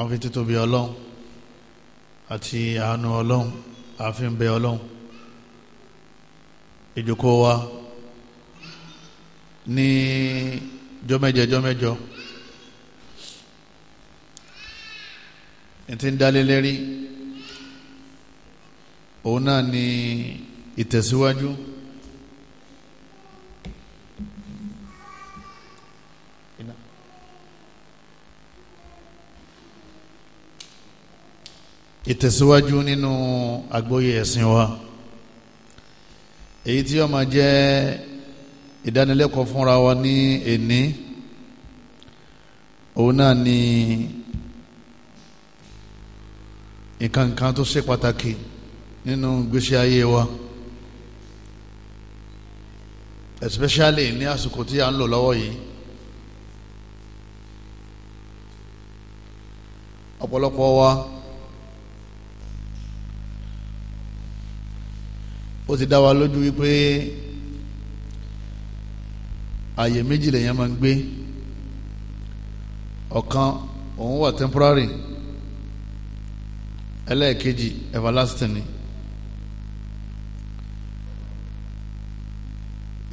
à ń fi títóbi ọlọ́run àti àánú ọlọ́run à ń fi ń bẹ ọlọ́run ìjókòó wa ní jọ́mẹ́jọ jọ́mẹ́jọ ti ń dálé lérí òun náà ni ìtẹ̀síwájú. ìtẹ̀síwájú nínú àgbóyè ẹ̀sìn wa èyí tí ó máa jẹ́ ìdánilẹ́kọ̀ọ́ fúnra wa ní èní òun náà ni nǹkankan tó ṣe pàtàkì nínú gbèsè ayé wa especially ní àsìkò tí a ń lò lọ́wọ́ yìí ọ̀pọ̀lọpọ̀ wa. ó ti dá wa lójú wípé àyè méjì lèèyàn máa ń gbé ọ̀kan òun wà temporary ẹlẹ́ẹ̀kejì everlasting ni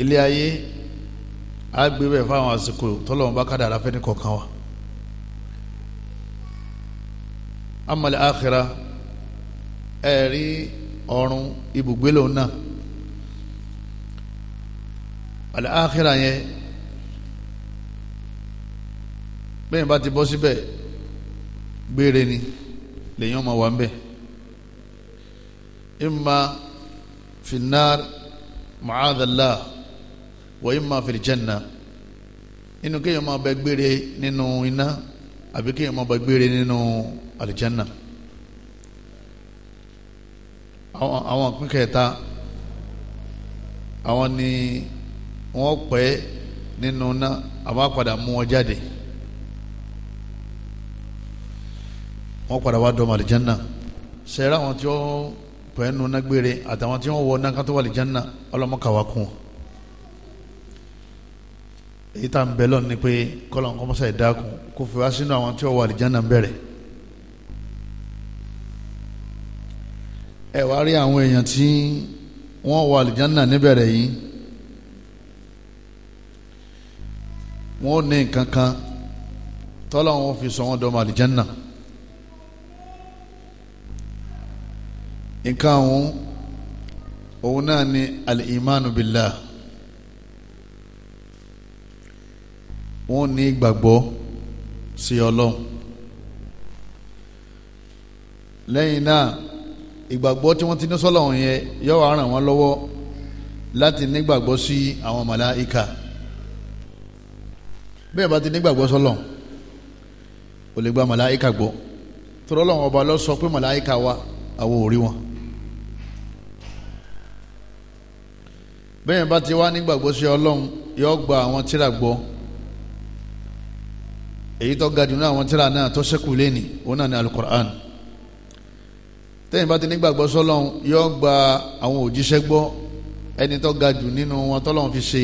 ilé ayé á gbé bẹ́ẹ̀ fáwọn àsìkò tọ́lọ́run bá kádàrá fẹ́ni kọ̀ọ̀kan wa amọ̀lẹ́ àkhírà ẹ̀rí ọ̀run ibùgbé lòun náà àlàáhìrà yẹn bẹ́ẹ̀ bá ti bọ́ síbẹ̀ gbére ni lèyìn ọmọ wa ń bẹ̀ imma finnar ma'adala wa imma filijanna inú kéèyàn máa bẹ gbére nínú iná àbí kéèyàn máa bẹ gbére nínú alijanna àwọn ìpín kẹta àwọn ni wọ́n pẹ́ nínú náà àbá padà mú wọn jáde wọ́n padà wá dọ́mọ àlìjánná sẹ́rẹ́ àwọn tí wọ́n pẹ́ nínú náà gbére àtàwọn tí wọ́n wọ náà kátó wà àlìjánná ọlọ́mọkàwá kún wọn èyí tá à bẹ lọ́nà ni pé kọ́lọ̀ ń kọ́mọ́sá ìdákun kó wá sínú àwọn tí wọ́n wà àlìjánná ń bẹ̀rẹ̀. ẹ wá rí àwọn èèyàn tí wọ́n wà àlìjánà níbẹ̀rẹ̀ yìí wọ́n ní nǹkan kan tọ́lá wọn fi sọ wọn dọ́mọ àlìjánà nǹkan àwọn òun náà ni alìmánu billah wọ́n ní ìgbàgbọ́ sí ọlọ́run lẹ́yìn náà ìgbàgbọ́ tí wọ́n ti ní sọ́lọ̀ wọn yẹn yóò wá ràn wọ́n lọ́wọ́ láti nígbàgbọ́ sí àwọn màláìka bẹ́ẹ̀ bá ti nígbàgbọ́ sọ́lọ̀ ò lè gba màláìka gbọ́ tọ́lọ́ lọ́wọ́ ọba lọ sọ pé màláìka wa àwọn ò rí wọn. bẹ́ẹ̀ bá ti wá nígbàgbọ́ sí ọlọ́run yóò gba àwọn tíra gbọ́ èyí tó ga jù náà àwọn tíra náà tó ṣẹ́kù lẹ́nìí òun náà ní alukur'an tẹ́yìn bá ti nígbàgbọ́ sọ́lọ́hún yóò gba àwọn òjíṣẹ́ gbọ́ ẹni tó ga jù nínú wọn tọ́lọ́hún fi ṣe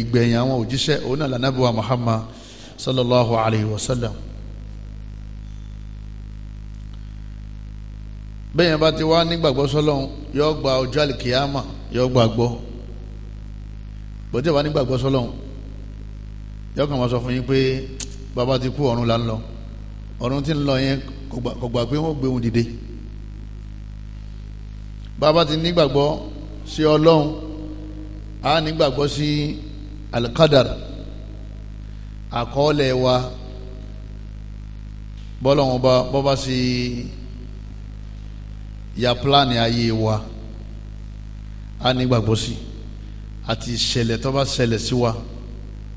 ìgbẹ̀yìn àwọn òjíṣẹ́ òun náà lànà Muhammad sallallahu alayhi wa sallam. bẹ́yìn bá ti wá nígbàgbọ́ sọ́lọ́hún yóò gba ọjọ́ àlìkìyàmà yóò gba gbọ́ bọ́tí ìwà nígbàgbọ́ sọ́lọ́hún yóò kàn wá sọ fún yín pé bàbá ti kú ọ̀run là ń lọ ọ̀run ti ń lọ yẹn kò gbà pé wọ́n gbé òun dìde bàbá ti nígbàgbọ́ sí ọlọ́run a nígbàgbọ́ sí alikadar àkọọ́lẹ̀ wa bọ́lọ́run bá bọ́bá sí ya pílánì ayé wa a nígbàgbọ́ sí àti ìṣẹ̀lẹ̀ tó bá ṣẹlẹ̀ sí wa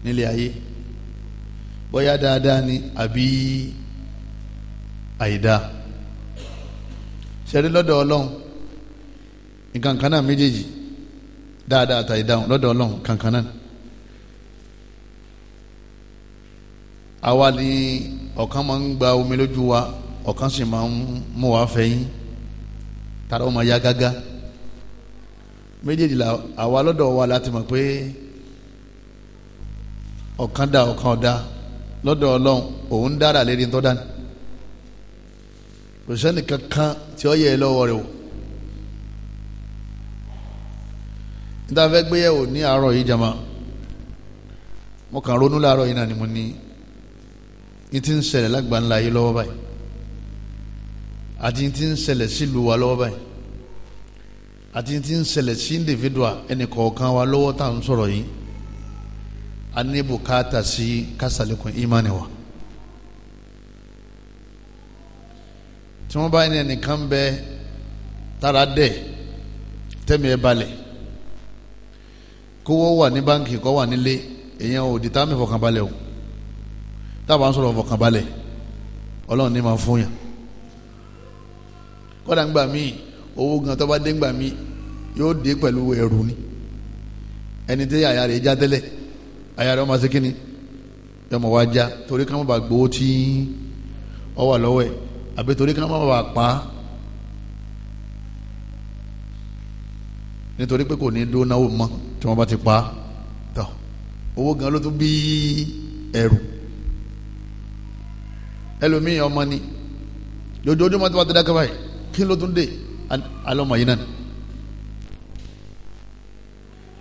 nílé ayé bóyá dáadáa ni àbí àìdáa ṣẹlẹ̀ lọ́dọ̀ ọlọ́run nǹkan kan náà méjèèjì dáadáa àtàyè dáhùn lọ́dọ̀ ọlọ́run kankan náà àwa ni ọ̀kan máa ń gba omi lójú wa ọ̀kan sì máa ń mú wa fẹ̀yìn tààrà ọmọ ya gágá méjèèjì la àwa lọ́dọ̀ wa láti mọ̀ pé ọ̀kan dá ọ̀kan ọ̀dá lọ́dọ̀ ọlọ́run òun dára lérí tó dání kò sẹ́ni kankan tí ó yẹ lọ́wọ́ rẹ̀ o níta fẹ́ gbéyẹ̀wò ní àárọ̀ yìí jama mo kàn ronú láàárọ̀ yìí náà ni mo ní ní ti ń ṣẹlẹ̀ lágbàńlá yìí lọ́wọ́ báyìí àti ní ti ń ṣẹlẹ̀ sílùú wa lọ́wọ́ báyìí àti ní ti ń ṣẹlẹ̀ sí individual ẹnì kọ̀ọ̀kan wa lọ́wọ́ tá à ń sọ̀rọ̀ yìí a ní bùkátà sí kásálẹ̀kùn ìmánì wa. tí wọ́n bá ní ẹnìkan bẹ tára dẹ̀ tẹ́mi ẹ balẹ̀ kówó wà ní báǹkì kó wà nílé èèyàn ò di táàmì fọkànbalẹ̀ o táàbà ń sọ̀rọ̀ fọkànbalẹ̀ ọlọ́run ní máa fún yàn kọ́dà ń gbà míì owó gan tó bá dé ń gbà míì yóò dé pẹ̀lú ẹrù ni ẹni tí àyà rẹ̀ já tẹ́lẹ̀ àyà rẹ̀ ọmọ sékìní yọmọ wa já torí ká má gbowó tí ọ wà lọ́wọ́ ẹ̀ àbí torí ká má pa á nítorí pé kò ní dúró náwó mọ́ tí wọ́n bá ti pa tọ́ owó gan ló tún bí ẹrù ẹlòmíì ọmọ ni lójoojúmọ́ tí wọ́n ti dá kaba yìí kí ló tún dé alọ́mọ yìí náà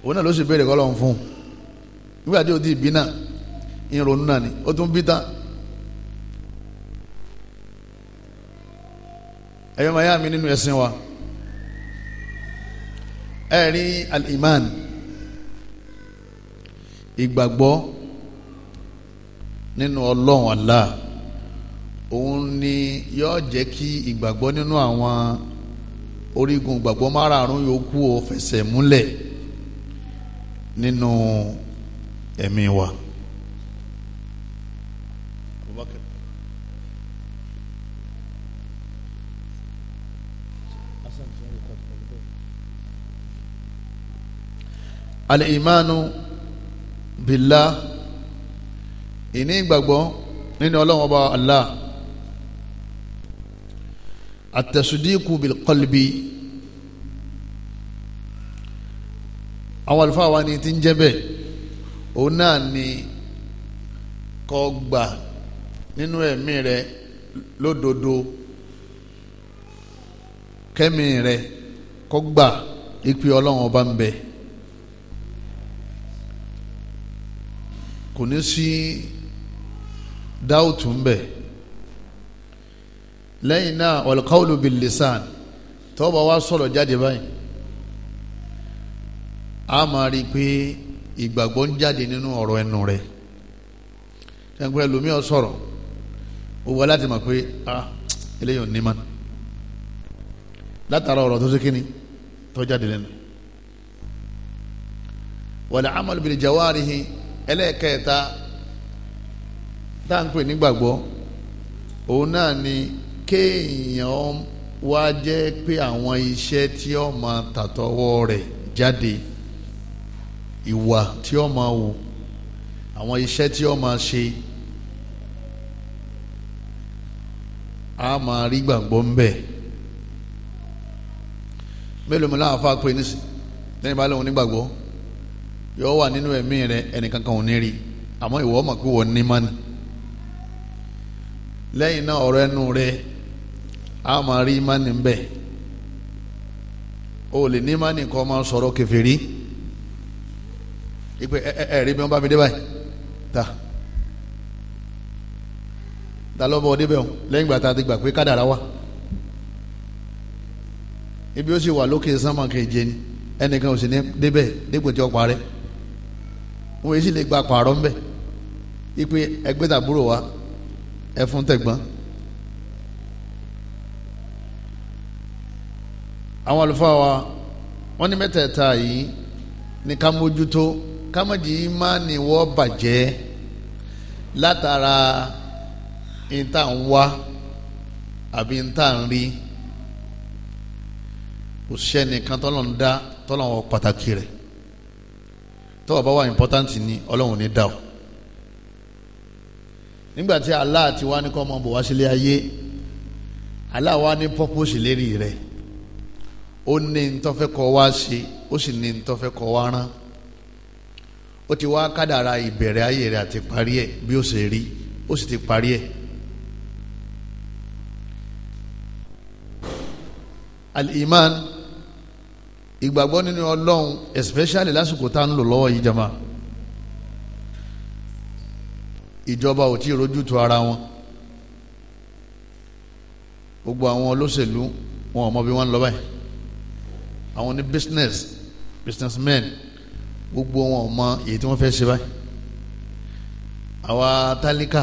òun náà ló sì béèrè kọ́ lọ́hún fún un nígbà tí o ti bí náà ìrònú náà ni ó tún bí tán ẹ̀yọ́ màá yá mi nínú ẹ̀sìn wa ẹ̀rí al-iman ìgbàgbọ́ nínú ọlọ́run Allah òun ni yóò jẹ́ kí ìgbàgbọ́ nínú àwọn orígun ìgbàgbọ́ márààrún yòókù ó fẹsẹ̀ múlẹ̀ nínú ẹ̀mí wa. al-imanu bìlá ìní ìgbàgbọ́ nínú ọlọ́run ọba Allah àtẹ̀sùdíkù bìlkọ́lìbì àwọn àlùfáà wa ni ti ń jẹ́ bẹ́ẹ̀ òun náà ni kó gbà nínú ẹ̀mí rẹ lódodo kẹ́mi rẹ kó gbà ìpè ọlọ́run ọba ń bẹ. kò ní sí dáùtù ń bẹ lẹ́yìn náà walqawlu bil lisan tó bá wá sọ̀rọ̀ jáde báyìí a máa rí i pé ìgbàgbọ́ ń jáde nínú ọ̀rọ̀ ẹnu rẹ̀ ṣẹ́ńpẹ́ lómiọ̀ sọ̀rọ̀ gbogbo aláti mọ̀ pé ah eléyìí ní ma látara ọ̀rọ̀ tó ṣe kíni tó jáde lẹ́nu wal amal bil jawarihi ẹlẹ́ẹ̀kẹta táǹpẹ̀ nígbàgbọ́ òun náà ni kéèyàn wá jẹ́ pé àwọn iṣẹ́ tí ó máa tàtọ́wọ́ rẹ̀ jáde ìwà tí ó máa wù àwọn iṣẹ́ tí ó máa ṣe a máa rí gbàgbọ́ ń bẹ̀ mélòó mi láwọn afá pé nísìnyí lẹ́yìn bá lóun nígbàgbọ́. yóò wà nínú rẹ ẹnìkankan ò ní rí àmọ́ ìwọ ọmọ pé wọ́n ní mánì lẹ́yìn náà ẹnu rẹ a máa rí mánì ń bẹ o lè ní mánì kọ́ máa ẹ ẹ rí bí mi dé báyìí ta ta ọ o ti ibi ó sì wà lókè ẹnìkan wọn èsì lè gba pààrọ̀ ńbẹ ipe ẹgbẹ́ tàbúrò wa ẹ fún tẹ̀gbọ́n. àwọn àlùfáà wa wọ́n ní mẹ́tẹ̀ẹ̀ta yìí ní ká mójútó ká má jì í má ní wọ́n bàjẹ́ látara ìta ń wá àbí ìta ń rí òṣìṣẹ́ nìkan tọ́lọ̀ ń dá tọ́lọ̀ wọ pàtàkì rẹ̀ tọ́wọ́ bá wà important ni ọlọ́run ní dá o nígbà tí Allah ti wá ní kọ́ ọmọ bò wá sílé ayé Allah wá ní purpose lérí rẹ̀ ó ní ntọ́fẹ́ kọ́ wá ṣe ó sì ní ntọ́fẹ́ kọ́ wá rán ó ti wá kádàrà ìbẹ̀rẹ̀ ayé rẹ̀ àti parí ẹ̀ bí ó ṣe rí ó sì ti parí ẹ̀. al-iman ìgbàgbọ́ nínú ọlọ́run especially lásìkò tá à ń lò lọ́wọ́ yìí jama ìjọba ò tí ì rojú tu ara wọn gbogbo àwọn olóṣèlú wọn ò mọ bí wọn ń lọ báyìí àwọn ní business businessmen gbogbo wọn ò mọ èyí tí wọn fẹ́ ṣe báyìí àwa tálíkà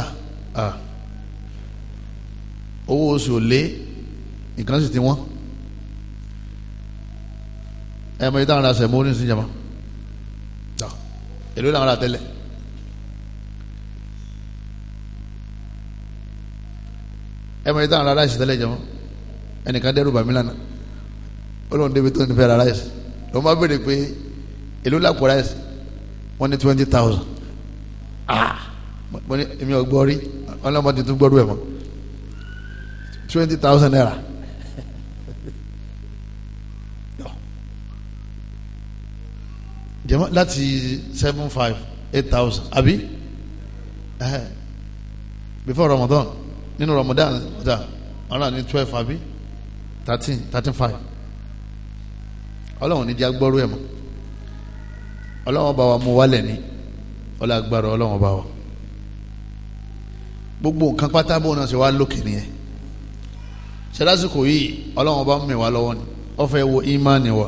owó oṣù ò lé nǹkan sì ti wọ́n ẹ mọ ìtàn ara sẹ̀mú ní ìsìnjàmá tà èló làwọn ara tẹ́lẹ̀ ẹ mọ ìtàn ara ráìsì tẹ́lẹ̀ jẹmọ́ ẹnìkan dẹ́rù bàmí lánàá ó lóun débi tó ń fẹ́ ra ráìsì lọ́n béèrè pé èló làpọ̀ ráìsì wọ́n ní twenty thousand ah mo ní èmi ò gbọ́ rí wọ́n lọ́mọdé tún gbọ́dọ̀ ẹ̀ mọ́ twenty thousand naira. jẹmọ láti seven five eight thousand àbí before Ramadan nínú Ramadan ọjà ọ̀ràn ní twelve àbí thirteen thirteen five ọlọ́run ní di agbọ́rú ẹ̀ mọ́ ọlọ́run bá wa mú wálẹ̀ ní ọlọ́gbàrá ọlọ́run bá wa gbogbo nǹkan pátá bó náà ṣe wá lókè nìyẹn ṣe lásìkò yìí ọlọ́run bá ń mẹ́wàá lọ́wọ́ ni ọ wo ìmánì wa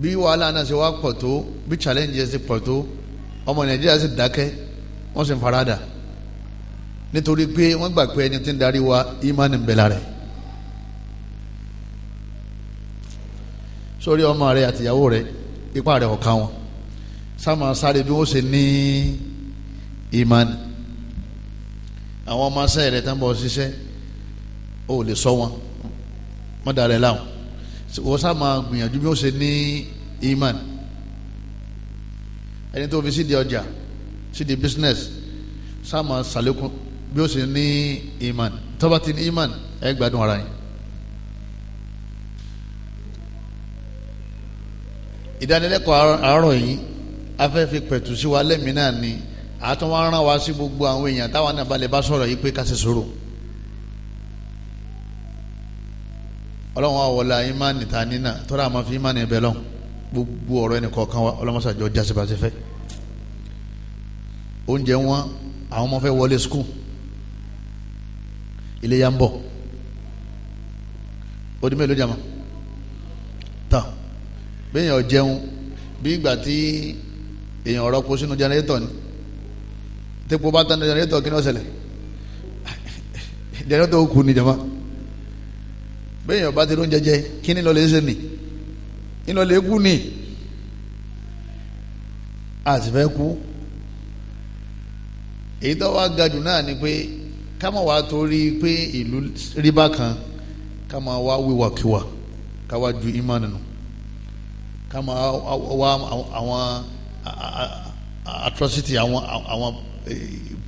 bí wàhálà náà ṣe wá pọ̀ tó bí challenges ṣe pọ̀ tó ọmọ nàìjíríà sì dákẹ́ wọ́n sì ń faradà nítorí pé wọ́n gbà pé ẹni tí ń darí wa imani ń bẹ lára ẹ̀ sórí ọmọ rẹ àtìyàwó rẹ ipá rẹ ọ̀ka wọn sáma sáré bí wọ́n ṣe ní imani àwọn ọmọ asẹ́ rẹ tán bọ̀ ṣiṣẹ́ ó lè sọ wọn mọ́dàrẹ́ láwọn wọ́n sá máa gbìyànjú bí wọ́n ṣe ní iman ẹni tó fi sídìí ọjà sídìí business sá máa ṣàlékún bí wọ́n ṣe ní iman tó ti ní iman ẹ gbádùn ara yín. ìdánilẹ́kọ̀ọ́ àárọ̀ yìí afẹ́fẹ́ pẹ̀tù sí wa lẹ́mìí náà ni àtúnwá rán wa sí gbogbo àwọn èèyàn táwọn náà balẹ̀ bá sọ̀rọ̀ yìí pé ká ṣe sùúrù. ọlọ́run wa wọlé ìmánì ta nínà tọ́lá àmọ́ fi ìmánì ẹ̀bẹ̀ lọ́hùn gbogbo ọ̀rọ̀ ẹni kọ̀ọ̀kan wa ọlọ́mọṣàjọ jásibàṣẹ fẹ́ oúnjẹ wọn àwọn ọmọ fẹ́ wọlé skul ilé ya ń bọ̀ ó di mélòó jàmọ́ tà béèyàn jẹun bí ìgbà tí èèyàn rọ́pò sínú jẹnẹrétọ̀ ni tẹ́pọ̀ bá tán jẹnẹrétọ̀ kí ni ó ṣẹlẹ̀ jẹnẹrétọ̀ ó ni jàmọ́ bẹ́ẹ̀ yẹn bá ti ló ń jẹjẹ ni lọ́ọ́ lè ṣe nì ni lọ́ọ́ lè kú nì àti fẹ́ kú èyí tó wá ga jù náà ni pé ká má torí pé ìlú rí bákan ká wá wíwàkiwà ká ju ìmánu nù ká wá àwọn atrocity àwọn àwọn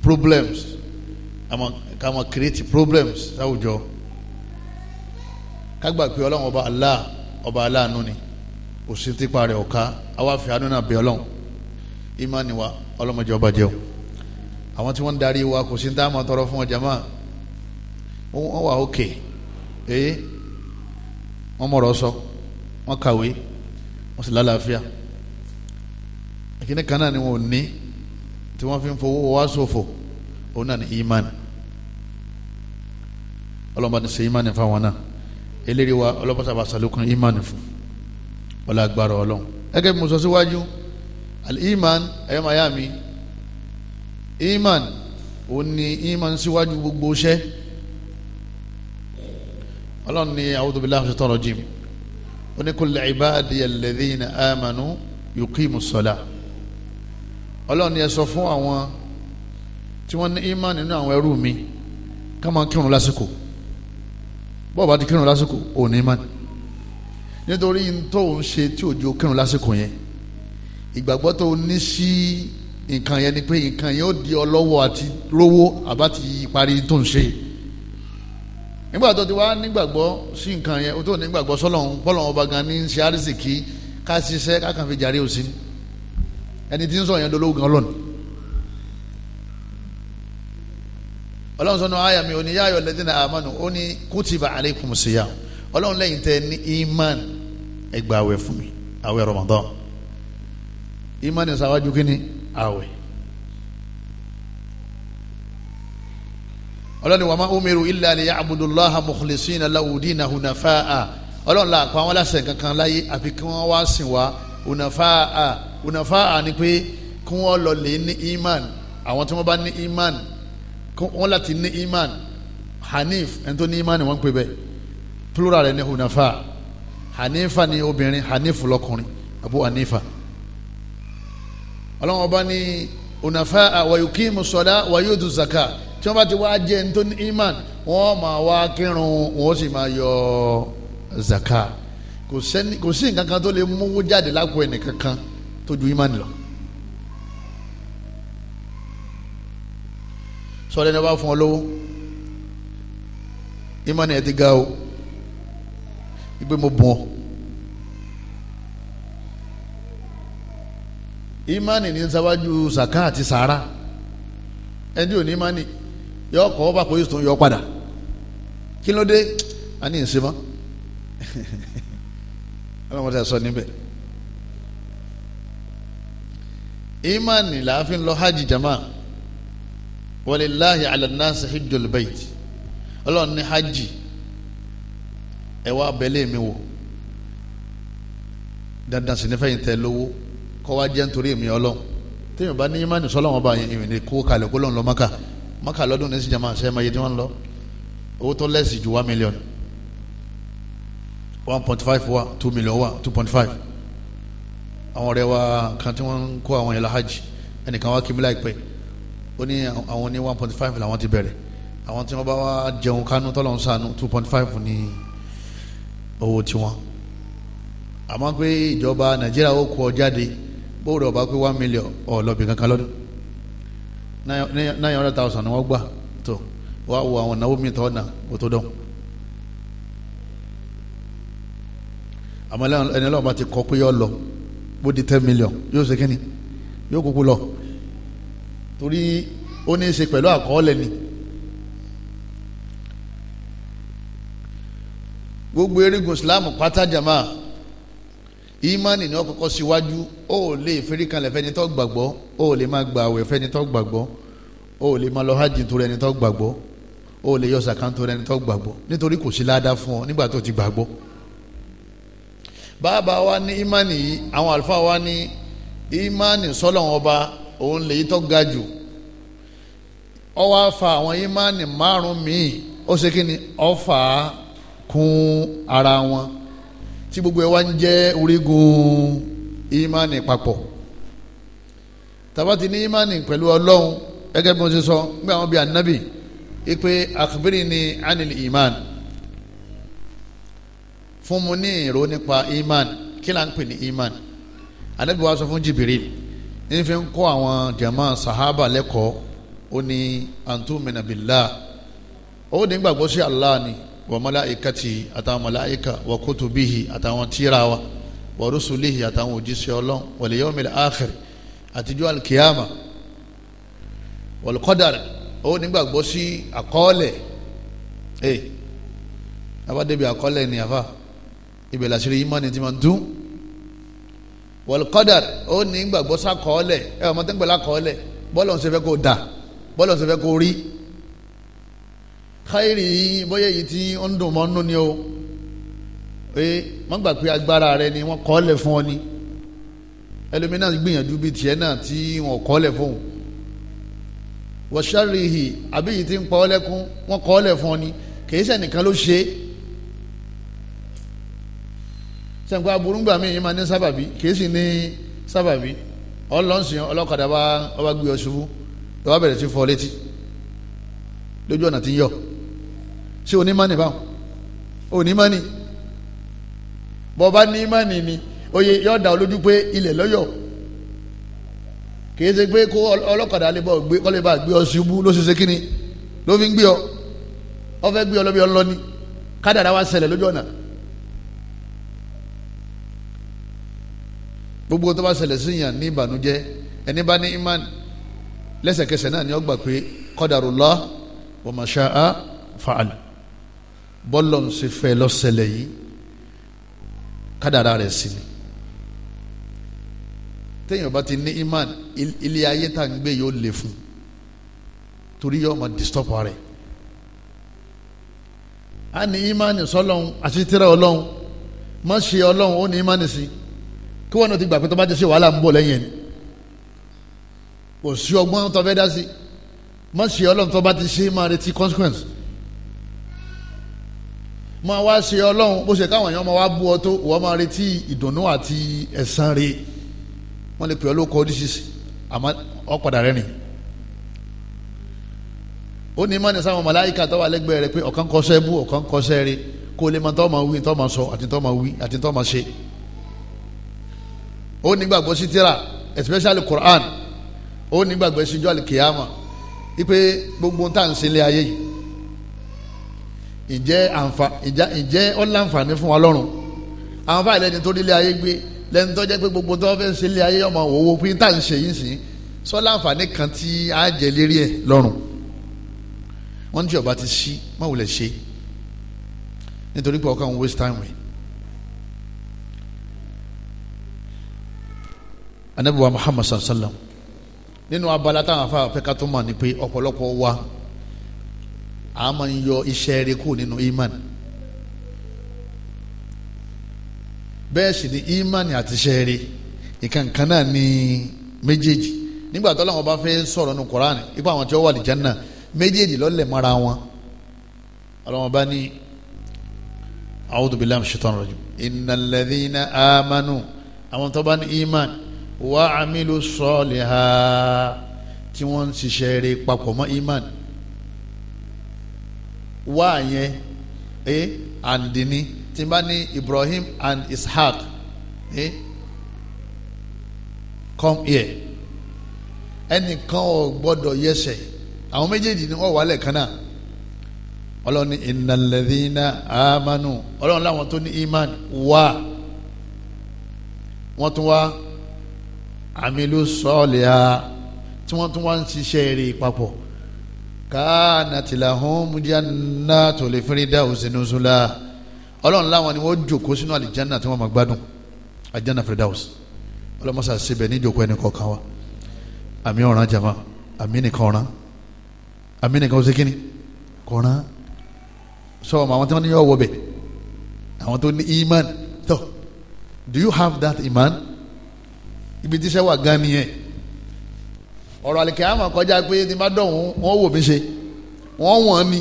problems ká má create problems láwùjọ kágbà pé ọlọ́run ọba Allah ọba aláàánú ni òsì tipa rẹ̀ ọ̀ka awáfẹ́ àánú náà bẹ ọlọ́run ìmánì wa ọlọ́mọdé ọba jẹ́ o àwọn tí wọ́n ń darí wa kò sí ní táwọn tọrọ fún ọjà máa wọ́n wà òkè ee wọ́n mọ̀rọ̀ sọ wọ́n kàwé wọ́n sì lálàáfíà ìkíní kan náà ni wọn ò ní tí wọ́n fi ń fowó wá ṣòfò òun náà ni ìmánì ọlọ́mọdé ṣe ìmánì fáwọn náà eléré wa ọlọ́pàá sábà sàlékún imani fún ọlọ́ agbára ọlọ́run gẹ́gẹ́ bí mo sọ síwájú al-iman ẹ̀yọ́ màyà mi iman ò ní iman síwájú gbogbo iṣẹ́ ọlọ́run ní a'udhu billahi minash shaitanir rajim ó ní kul ibadiya alladhina amanu yuqimus salah ọlọ́run ní ẹ sọ fún àwọn tí wọ́n ní iman nínú àwọn ẹrú mi ká máa kírun lásìkò bọ́ọ̀ bá ti kírun lásìkò òní má nítorí tó ń ṣe tí òjò kírun lásìkò yẹn ìgbàgbọ́ tó ní sí nǹkan yẹn ni pé nǹkan yẹn ó di ọlọ́wọ́ àti rówó àbá ti parí tó ń ṣe nígbà tó ti wá nígbàgbọ́ sí nǹkan yẹn tó nígbàgbọ́ sọ́lọ́hún bọ́lọ́hún ọba gan ní ṣe àrísìkí ká ṣiṣẹ́ ká kàn fi jàre òsín ẹni tí ń sọ yẹn dolówó gan ọlọ́run sọ́nà àyà mi òní yáyọ̀ lẹ́dínà àmọ́nù ó ní kútìbà alaykum siyam ọlọ́run lẹ́yìn tẹ ní iman ẹgbà àwẹ̀ fún mi àwẹ̀ Ramadan iman ìsàwájú kí ni àwẹ̀ ọlọ́run wàmà umiru illa liya'budullaha mukhlisina lahu dinahu hunafa'a ọlọ́run la pa wọn láṣẹ kankan láyé àfi kí wọ́n wá sìn wá hunafa'a hunafa'a ni pé kí wọ́n lọ lè ní iman àwọn tí wọ́n bá ní iman wọ́n láti ní iman hanif ẹni tó ní iman wọ́n ń pè bẹ́ẹ̀ plural rẹ̀ ní hunafa hanifa ni obìnrin hanif lọ́kùnrin abu hanifa ọlọ́wọ́n bá ní hunafa wayukimu sọlá wayudu zaka tí wọ́n bá ti wá jẹ́ ẹni tó ní iman wọ́n máa wá kírun wọ́n sì máa yọ zaka kò sí nǹkan kan tó lè mú jáde lápò ẹnìkan kan tó ju iman lọ. sọ̀rọ̀ ẹni bá fún ọ lówó ìmọ̀ni ẹ̀ ti ga o ìgbé mo bùn ọ. ìmọ̀ni ní sáwájú sàká àti sàárà ẹni tí ò ní ìmọ̀ni yọ ọkọ̀ ọba kò yóò tún yọ padà kí ló dé a ní ìsinmi ọlọ́mọdé sọ níbẹ̀ ìmọ̀ni làá fi ń lọ hajj jama walillahi ala nasi hijjul bayt ọlọ́run ní hajj ẹ wá abẹ́lé mi wò dandan sì ní fẹ́yìn tẹ lówó kọ́ wá jẹ́ nítorí mi ọlọ́run téèyàn bá ní imáni sọlọ́wọ́n bá yẹn ìrìn kó kalẹ̀ kó lọ́n lọ maka maka lọ́dún ní sìjàmá ṣe máa yẹ tí wọ́n lọ owó tó lẹ́sì ju one million one point five wa two million wa two point five àwọn ọ̀rẹ́ wa kan tí wọ́n kó àwọn yẹn lọ hajj ẹnìkan wá kí mi láìpẹ́ yìí ó ní àwọn ní one point five làwọn ti bẹ̀rẹ̀ àwọn tí wọ́n bá wá jẹun kánú tọ́lọ̀ ń sànú two point five ní owó tiwọn àmọ́ pé ìjọba nàìjíríà ó kó ọ jáde bóòrò ọba pé one million ọ̀lọ́bì kankan lọ́dún nine hundred thousand ni wọ́n gbà tó wá wo àwọn ìnáwó mi tọ́ ọ̀nà kó tó dán. àmọ́ ẹni ọlọ́run bá ti kọ́ pé yọ lọ bó di ten million yóò ṣe kí ni yóò kúkú lọ torí ó ní í ṣe pẹ̀lú àkọọ́lẹ̀ ni. gbogbo erigun islam pátá jama imani ni ó kọ́kọ́ síwájú ó lè fẹ́rí kanlẹ̀ fẹ́ni tó gbàgbọ́ ó lè má gba àwẹ̀ fẹ́ni tó gbàgbọ́ ó lè má lọ hajj tó rẹni tó gbàgbọ́ ó lè yọ sàkán tó rẹni tó gbàgbọ́ nítorí kò sí ládàá fún ọ nígbà tó ti gbàgbọ́. bàbá wa ní imani yìí àwọn àlùfáà wa ní imani sọ́lọ́wọ́n ọba òun lèyí tó ga jù ọ wá fa àwọn ìmánì márùn míì ó ṣe kí ni ọ fà á kún ara wọn tí gbogbo ẹ wá ń jẹ́ orígun ìmánì papọ̀ tàbá ti ní ìmánì pẹ̀lú ọlọ́run gẹ́gẹ́ bí wọ́n ṣe sọ nígbà wọn bí anabi ipe akabiri ni anil iman fún mu ní ìró nípa iman kí là ń pè ní iman anabi wa sọ fún jibiril nífi ń kọ́ àwọn jama sahaba lẹ́kọ̀ọ́ ó ní antumina billah ó ní gbàgbọ́ sí Allah ni wa malaikati àtàwọn malaika wa kutubihi àtàwọn tíra wa wa rusulihi àtàwọn òjíṣẹ́ ọlọ́run wal yawmil akhir àtijọ́ alkiyama wal qadar ó ní gbàgbọ́ sí àkọọ́lẹ̀ ẹ̀ abádébí àkọọ́lẹ̀ ni àfa ìbẹ̀lẹ̀ àṣírí yìí ti máa dún wọlkọdà ó ní gbàgbọ́ sàkọọ́lẹ̀ ẹ ọmọ tẹ́gbẹ̀lá àkọọ́lẹ̀ bọ́ọ̀lù ọ̀sẹ̀ fẹ́ kó dà bọ́ọ̀lù ọ̀sẹ̀ fẹ́ kó rí káyìrì bóyá èyí tí ó ń dùn mọ́ nú ni o pé wọ́n gbà pé agbára rẹ ni wọ́n kọ́ọ́lẹ̀ fún ọ ni ẹlòmínà gbìyànjú bíi tiẹ̀ náà tí wọ́n kọ́ọ́lẹ̀ fún un wọ́ṣárìhì àbí èyí tí ń pa ọ́ wọ́n kọ́ọ́lẹ̀ fún ọ ni kì í ṣẹ́nìkan ló ṣe é sẹ́ńkọ́ aburú gbà mí yín máa ní sábàbí kì í sì ní sábàbí ọlọ́sìn ọlọ́kadà bá ọba gbé ọ ṣubú lọ́wọ́ bẹ̀rẹ̀ sí fọ́ létí lójú ọ̀nà tí ń yọ ṣé oní mánì báwọn oní mánì bọ́ bá ní mánì ni oye yóò dá ọ lójú pé ilẹ̀ lọ́yọ̀ kì í ṣe pé kó ọlọ́kadà lè bọ̀ gbé kọ́lé bá gbé ọ ṣubú ló ṣe ṣe ló fi ń gbé ọ ọ fẹ́ gbé ọ lọ́bí ọ kádàrá wa ṣẹlẹ̀ lójú ọ̀nà gbogbo tó bá ṣẹlẹ̀ sí yàn ní ìbànújẹ́ ẹni bá ní iman lẹ́sẹ̀kẹsẹ̀ náà ni ó gbà pé qadarullah wa ma sha'a fa'al bọ́lọ̀ ń ṣe fẹ́ lọ́sẹ̀lẹ̀ yìí kádàrá rẹ̀ sí ni téèyàn bá ti ní iman ilé ayé tá à ń gbé yóò le fún torí yóò máa disturb rẹ̀ a ní iman sọlọ́hún àti tẹ́rẹ̀ ọlọ́hún má ṣe ọlọ́hún ó ní iman sí i kí wọ́n náà ti gbà pé tó bá ti ṣe wàhálà ń bọ̀ lẹ́yìn ẹni kò sí ọgbọ́n tó fẹ́ dá sí má ṣe ọlọ́run tó bá ti ṣe máa retí consequence máa wá ṣe ọlọ́run bó ṣe káwọn èèyàn máa wá bú ọ tó wọ́n máa retí ìdùnnú àti ẹ̀san rẹ̀ wọ́n lè pè ọ́ lóko oríṣiríṣi àmọ́ ọ padà rẹ̀ nìyí ó ní mọ́ni sáwọn màláíkà tó wà lẹ́gbẹ̀ẹ́ rẹ pé ọ̀kan kọ́ṣẹ́ bú ọ̀kan kọ́ṣẹ́ rí kó lè máa tọ́ máa wí tọ́ máa sọ àti tọ́ máa wí àti tọ́ máa ṣe ó nígbàgbọ́ sí tírà especially Quran ó nígbàgbọ́ sí jọ́ alikiyama ipe gbogbo tá à ń ṣẹlẹ̀ ayé yìí ìjẹ́ àǹfà ìjẹ́ ọ̀là àǹfààní fún wa lọ́rùn àǹfà ìlẹ́ni tó nílé ayé gbé lẹ́ni tó jẹ́ pé gbogbo tó fẹ́ ṣẹlẹ̀ ayé ọmọ òwò pé tá à ń ṣe yìí sí sọ́lá àǹfààní kan tí a jẹ lérí ẹ̀ lọ́rùn wọ́n ní ọba ti ṣí má ṣe nítorí pé ọkàn waste time rẹ̀ anabi wa muhammad sallam nínú abala táwọn afa fẹ́ ká tó mọ̀ ni pé ọ̀pọ̀lọpọ̀ wa a máa ń yọ iṣẹ́ rẹ kú nínú iman bẹ́ẹ̀ sì ni iman àti iṣẹ́ rẹ nǹkan kan náà ni méjèèjì nígbà tó làwọn bá fẹ́ sọ̀rọ̀ nu koran ipò àwọn tí wọ́n wà ní janna méjèèjì lọ́lẹ̀ mọ́ra wọn ọlọ́wọ́n bá ní a'udhu billahi minash shaitanir rajim amanu àwọn tó bá ní iman wà ámílù sọ́ọ̀lì ha tí wọ́n ń ṣiṣẹ́ rere papọ̀ mọ́ iman wà yẹn ẹ eh, àǹdíní tí n bá ní Ibrahim and Ishaq ẹ eh, come here ẹnìkan ò gbọ́dọ̀ yẹsẹ̀ àwọn méjèèjì ni wọ́n wà lẹ́ẹ̀kan náà ọlọ́run ní ìnàlẹ́dínà àmánú ọlọ́run láwọn tó ní iman wà wọ́n tún wá. Wa, àmìlú sọ́ọ̀lìà tí wọ́n tún wá ń ṣiṣẹ́ eré papọ̀ káànà tìlàhún mújánná tó lè fẹ́rẹ́ dá òsínúsúlá ọlọ́run láwọn ni wọ́n jòkó sínú àlìjánná tí wọ́n máa gbádùn àjánná Firdaus ọlọ́mọṣà síbẹ̀ níjòkó ẹnì kọ̀ọ̀kan wa àmì ọ̀ràn jama àmì nìkan ọ̀ràn àmì nìkan ọ̀sẹ̀ kínní kọ̀ọ̀ràn sọ ọmọ àwọn tí wọ́n ní yọ̀ wọ̀ bẹ̀ àwọn tó ní iman tó do you have that iman? ibi tíṣẹ́ wà gan nìyẹn ọ̀rọ̀ àlìkẹ́ àmọ̀ kọjá pé ní bá dọ̀hún wọ́n wò mí ṣe wọ́n wọ̀n ni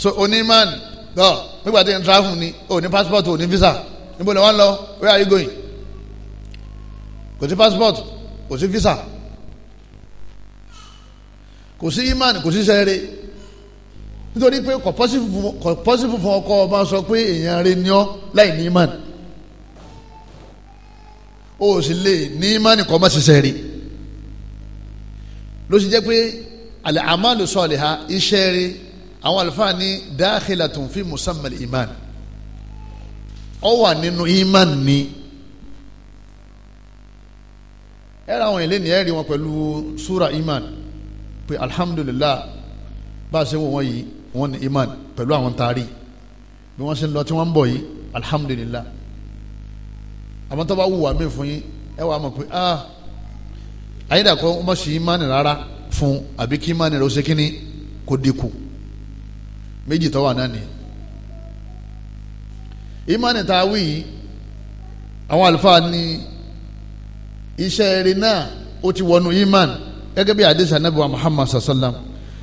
so onímàn gbọ́ nígbà tí n travel ni o ní passport o ní visa níbo ni wọ́n lọ where are you going kò sí passport kò sí visa kò sí imán kò sí sẹ́ẹ̀rẹ́ nítorí pé kò pọ́sífù fún ọkọ ọba sọ pé èèyàn rẹ ni ọ́ láì ní imán o sì lè ní imáni kọ́ mọ́ ṣiṣẹ́ rí ló sì jẹ́ pé àlẹ́ àmàlù sọ̀lẹ̀ ha iṣẹ́ rí àwọn àlùfáà ní dakhilatun fi musammal iman ọ wà nínú iman ni ẹ ra àwọn ìlénìí ẹ rí wọn pẹ̀lú sura iman pé alhamdulillah bá a ṣe wọ́n yìí wọ́n ní iman pẹ̀lú àwọn taari bí wọ́n ṣe ń lọ tí wọ́n ń bọ̀ yìí alhamdulillah àmọ́ tó bá wùwà mí fún yín ẹ wàá mọ̀ pé ah ayédàkọ́ ọmọ sì í mánì rárá fún àbí kí mánì rẹ̀ ó ṣe kí ni kó dínkù méjì tó wà náà ni ìmánì tá a wí yìí àwọn àlùfáà ní iṣẹ́ eré náà ó ti wọnú ìmánì gẹ́gẹ́ bí àdìsí anábì wa Muhammad sallam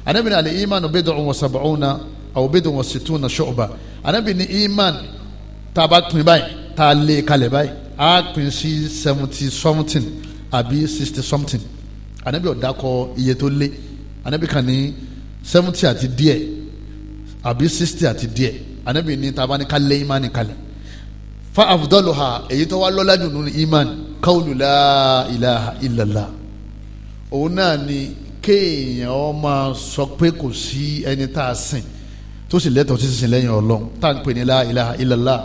anábì ní alẹ́ ìmánì bid'un wa sab'una aw bid'un wa situna shu'ba anábì ní ìmánì tá a bá pín báyìí tá a kalẹ̀ báyìí a pín sí seventy something àbí sixty something anabi ọ̀dà kọ iye tó lé anabi kan ní seventy àti díẹ̀ àbí sixty àti díẹ̀ anabi ní taba ní ká lé imani kalẹ̀ fa afdoluha èyí tó wá lọ́lá dùnú iman kawlu la ilaha illallah òun náà ni kéèyàn ó máa sọ pé kò sí ẹni tá a sìn tó sì lẹ́tọ̀ọ́ sísìn lẹ́yìn ọlọ́run tá à ń pè ní la ilaha illallah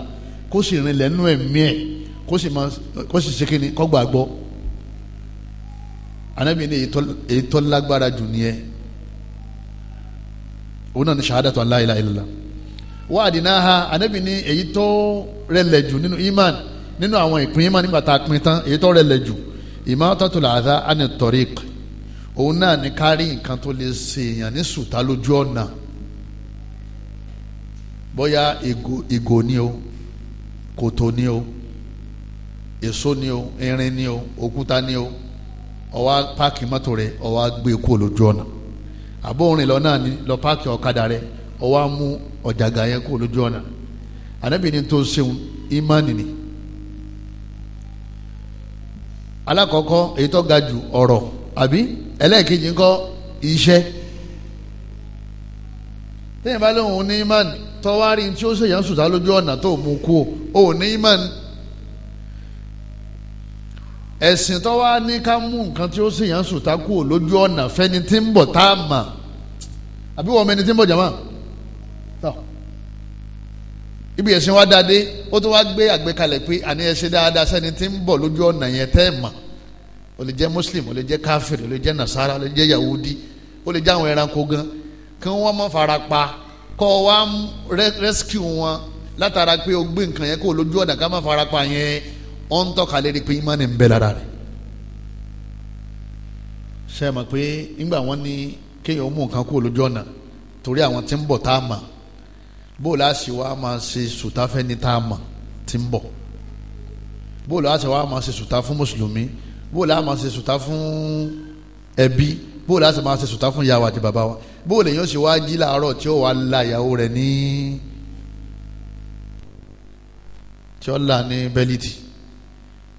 kó sì rìn lẹ́nu ẹ̀mí ẹ̀ kó sì máa kó sì ṣe kíni kó gbàgbọ́ anabi ni èyí tó lágbára jù nìyẹn òun náà ni shahadatu an la ilaha illallah wa adinaha anabi ni èyí tó rẹlẹ̀ jù nínú iman nínú àwọn ìpín iman nígbà tá a pín tán èyí tó rẹlẹ̀ jù imatatul adha ani tariq òun náà ni kárí nǹkan tó lè ṣe èèyàn ní sùtá lójú ọ̀nà bóyá ìgò ni o kòtò ni o èso ni o irin ni o òkúta ni o ó páàkì mọ́tò rẹ̀ ó gbé e kú lójú ọ̀nà lọ náà ni lọ páàkì ọ̀kadà rẹ̀ ó mú ọ̀jàgà yẹn kú lójú ọ̀nà ànábì tó ṣeun ìmánì ni alákọ̀ọ́kọ́ èyí tó ga jù ọ̀rọ̀ àbí ẹ̀sìn tó wá ní ká mú nǹkan tí ó sì yàn sùn takú lójú ọ̀nà fẹ́ni tí ń bọ̀ tá a mà àbí wọ́n mẹ́ni tí ń bọ̀ jàmá tọ́ ibi ẹ̀sìn wa dáadé ó tó wá gbé àgbékalẹ̀ pé àní ẹ̀sìn dáadáa sẹ́ni tí ń bọ̀ lójú ọ̀nà yẹn tẹ́ ẹ̀ mà ó lè jẹ́ muslim ó lè jẹ́ káfíìrì ó lè jẹ́ nasara ó lè jẹ́ yahudi ó lè jẹ́ àwọn ẹranko gan kí wọ́n má fara kọ́ wa rescue wọn látara pé o gbé nǹkan yẹn kó lójú ọ̀nà ká má fara pa yẹn ó ń tọ́ka lérí pé ìmánì ń bẹ lára rẹ̀ ṣe é mọ̀ pé nígbà wọn ní kéèyàn ó mú nǹkan kúrò lójú ọ̀nà torí àwọn tí ń bọ̀ tá a mọ̀ bóòlù àṣì wa máa ṣe sùtá fẹ́ni tá a mọ̀ tí ń bọ̀ bóòlù àṣì wa máa ṣe sùtá fún mùsùlùmí bóòlù àṣì máa ṣe sùtá fún ẹbí bóòlù àṣì máa ṣe sùtá fún ìyá àti bàbá wa bóòlù èèyàn ṣe wá jí làárọ̀ tí ó wà la ìyàwó rẹ̀ ní tí ó là ní bẹ́lítì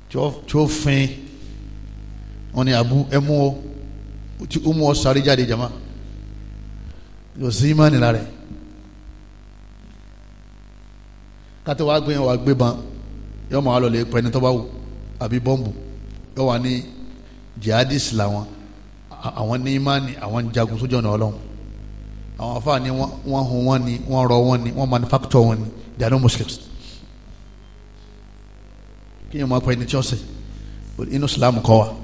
tí ó fin wọn ni abu ẹ mú ọ tí ó mú jáde jama yóò sí imáni la rẹ kátó wàá gbé yẹn wàá gbé ban yóò máa lọ lè pẹ́ ní àbí bọ́ǹbù yóò wà ní jihadis làwọn àwọn ní imáni àwọn jagun sójú ọ̀nà ọlọ́run àwọn afáàní wọn hun wọn ni wọn rọ wọn ni wọn manufacture wọn ni they are no muslims kí ni mo apẹ ní chọọsì inú silamu kọ wa.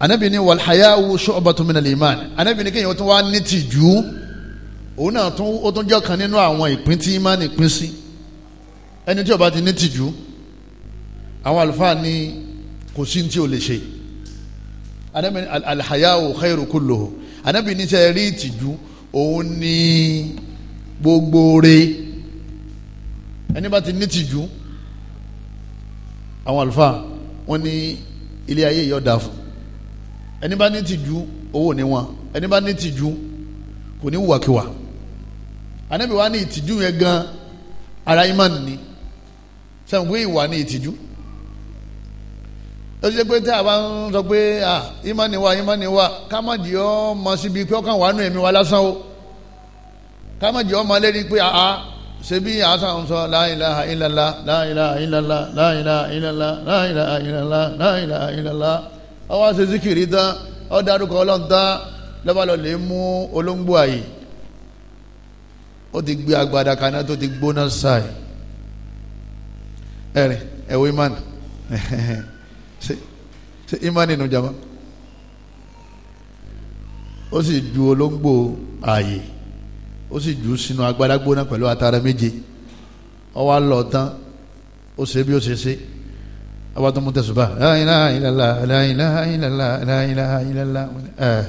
anabi ni walhayawu shu'batun minal iman anabi ni kéèyàn tún wá ní tìjú òun náà tún ó tún jẹ́ kan nínú àwọn ìpín tí imáni pín sí ẹni tí ó ti ní tìjú àwọn àlùfáà ní kò sí tí o lè ṣe anabi alhayawu khairu kulluhu anabi ni sẹ rí tìjú òun ní gbogbo rẹ̀ ẹni bá ti ní tìjú àwọn àlùfáà wọn ní ilé ayé yìí ọ̀dà fún ẹni bá ní tìjú owó ní wọn ẹni bá ní tìjú kò ní wùwàkiwà ànábì wa ní ìtìjú yẹn gan ara yín máa ní sẹ́wọ̀n pé ìwà ní ìtìjú ó ṣe pé tí a bá ń sọ pé à ìmánì wa ìmánì wa ká má jì ọ́ mọ síbi pé ọkàn wà nù ẹ̀mí wa lásán o ká má jì ọ́ mọ lẹ́ni pé àá ṣebí àṣàwọn sọ láìláha ìlàlá láìláha ìlàlá láìláha ìlàlá láìláha ìlàlá láìláha ìlàlá ọwọ́ ṣe zikiri dán ọ dárúkọ ọlọ́run dán lọ́balọ̀ lè mú olóńgbò àyè ó ti gbé agbada kaná tó ti gbóná sáì ẹ̀rìn ẹ̀wọ̀ imán ṣe imán nínú jama ó si ju olóńgbò àyè ó sì jù ú sínú agbada gbóná pẹ̀lú atara méje ó wá lọ tán ó ṣe bí ó ṣe ṣe àwọn tó mú tẹ̀sùbà la ilaha illallah la ilaha illallah la ilaha illallah ẹ̀ eh.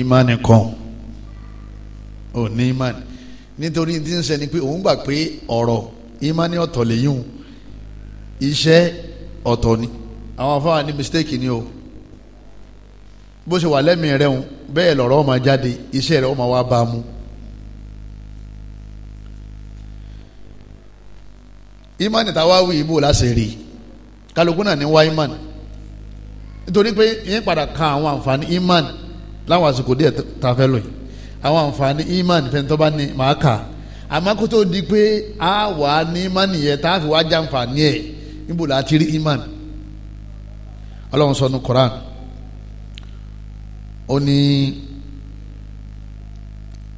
ìmánì kan ò ní ìmánì nítorí tí ń ṣe ni pé òun gbà pé ọ̀rọ̀ ìmánì ọ̀tọ̀ lèyún iṣẹ́ ọ̀tọ̀ ni àwọn afáwọn ní mistake ni o bó ṣe wà lẹ́mìí rẹ̀ ń bẹ́ẹ̀ lọ̀rọ̀ ọmọ jáde iṣẹ́ rẹ̀ ọmọ wa bá a mú. imani ta wá wí ibo láṣẹ rí kálukú náà ní wá imani nítorí pé yín padà kan àwọn àǹfààní imani láwọn àsìkò díẹ̀ ta fẹ́ lò yìí àwọn àǹfààní imani fẹ́ni tó bá ní màá kà àmọ́ kó tó di pé a wà ní imani yẹn tá a fi wá jàǹfààní ẹ̀ níbo la ti rí imani ọlọ́run sọ ní Koran ó ní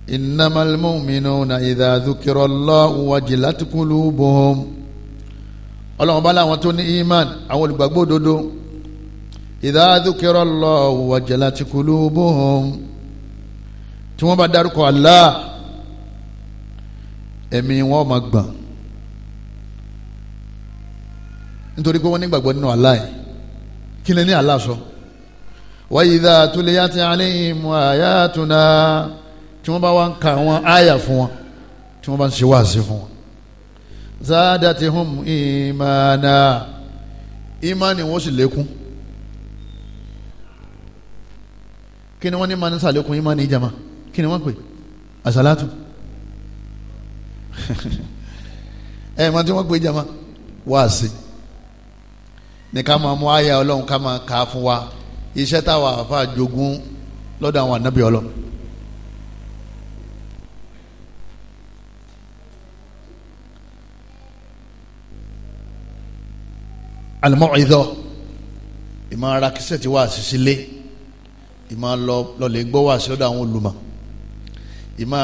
innamal mu'minuna idha dhukira Allahu wajilat qulubuhum ọlọ́run bá láwọn tó ní iman àwọn olùgbàgbọ́ òdodo idha dhukira Allahu wajilat qulubuhum tí wọ́n bá dárúkọ Allah ẹ̀mí wọn máa gbọ̀n nítorí pé wọ́n nígbàgbọ́ nínú Allah yìí kí lè ní Allah sọ. So وإذا تليت عليهم آياتنا tí wọ́n bá wá ń ka àwọn àyà fún wọn tí wọ́n bá ń ṣe wáàsí fún wọn. zadatihum imana imani wọ́n sì lékún kí ni wọ́n ní mani sàlékún imani ìjàmà kí ni wọ́n pè àṣàlátù ẹ ẹ mọ tí wọ́n pè ìjàmà wáàsí ni ká máa mú àyà ọlọ́run ká máa kà á fún wa iṣẹ́ táwa àfa jogún lọ́dọ̀ àwọn ànábì ọlọ. al-mau'iza ìmọ̀ ara kìsẹ́ ti wá àṣìṣe lé ìmọ̀ lọlẹ̀ gbọ́ wá sí ọ̀dọ̀ àwọn olùmọ̀ ìmọ̀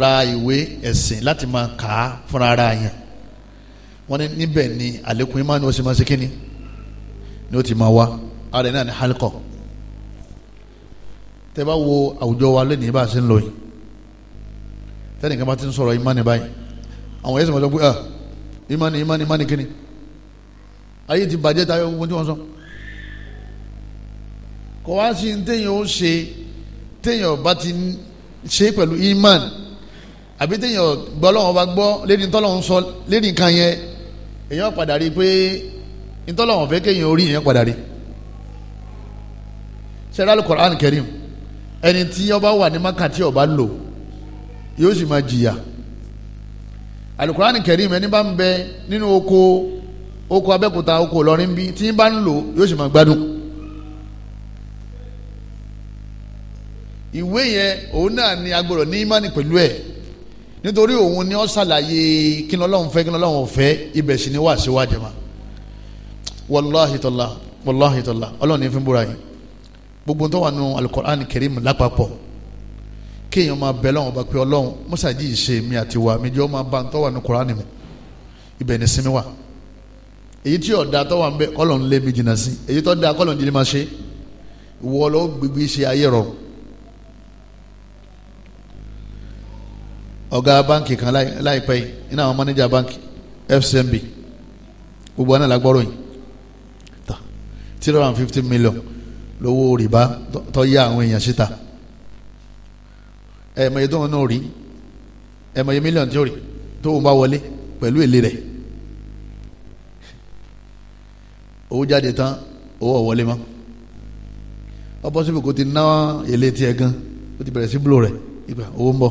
ra ìwé ẹ̀sìn láti máa kà á fúnra ara yẹn wọ́n ní níbẹ̀ ni àlékún ìmọ̀ ni ó sì máa ṣe kínní ni ó ti máa wá ààrẹ náà ní halikọ tẹ bá wo àwùjọ wa lónìí bá a ṣe ń lò yìí tẹnìkan bá ti ń sọ̀rọ̀ ìmánì báyìí àwọn ẹ̀sìn ọ̀sán pé ah ìmánì ìmánì ìmánì kíni ayé ti bàjẹ́ tayọ gbogbo tí wọ́n sọ kò wá sí téèyàn ó ṣe téèyàn bá ti ṣe pẹ̀lú ìmánì àbí téèyàn gbọ́ lọ́wọ́ bá gbọ́ lédi tọ́lọ́hún sọ lédi nǹkan yẹn èèyàn padà rí i pé ntọ́lọ́hún fẹ́ kéèyàn orí yẹn padà rí i sẹ́dáàlù Quran Karim ẹni tí ọba wà ní maka tí ọba lò yóò sì máa jìyà alukurani Karim ẹni bá ń bẹ nínú oko oko abẹ́kúta oko lọ́rin bí tí ń bá ń lò yóò sì máa gbádùn. ìwé yẹn òun náà ni agbọ̀rọ̀ ní imani pẹ̀lú ẹ̀ nítorí òun ni ó ṣàlàyé kí ni Ọlọ́run fẹ́ kí ni Ọlọ́run fẹ́ ibẹ̀ sì ni wàá síwájú ma wàláhìtọ́lá wàláhìtọ́lá Ọlọ́run ní fi ń búra yìí gbogbo tó wà nù alukur'an karim lápapọ̀ kéèyàn máa bẹ lọ́wọ́n ọba pé ọlọ́run mọ́sàájì ìṣe mi àti wà mí jẹ́ ọ máa bá ń tọ́wà ní kuraani mu ibẹ̀ ní sinmi wà èyí tí ọ̀dà tọ́wà ń bẹ kọ́lọ̀n lé mi jìnnà sí èyí tó da kọ́lọ̀n jìnnà máa ṣe ìwọ lọ gbégbé ṣe ayé rọrùn. ọ̀gá báǹkì kan láìpẹ́ yìí iná àwọn mánéjà báǹkì FCMB gbogbo àná làgbọ́rọ̀ yìí three hundred and fifty million lówó rìbá tó yá àwọn èèyàn síta ẹ̀mọye tó ń náà rí ẹ̀mọye mílíọ̀nù tí ó rí tó ń bá wọlé pẹ̀lú èlé rẹ̀ owó jáde tán owó ọ̀wọ́lé mọ́ ọbọ̀ síbi kò ti ná èlé tiẹ̀ gan ó ti bẹ̀rẹ̀ sí búlò rẹ̀ ìgbà owó ń bọ̀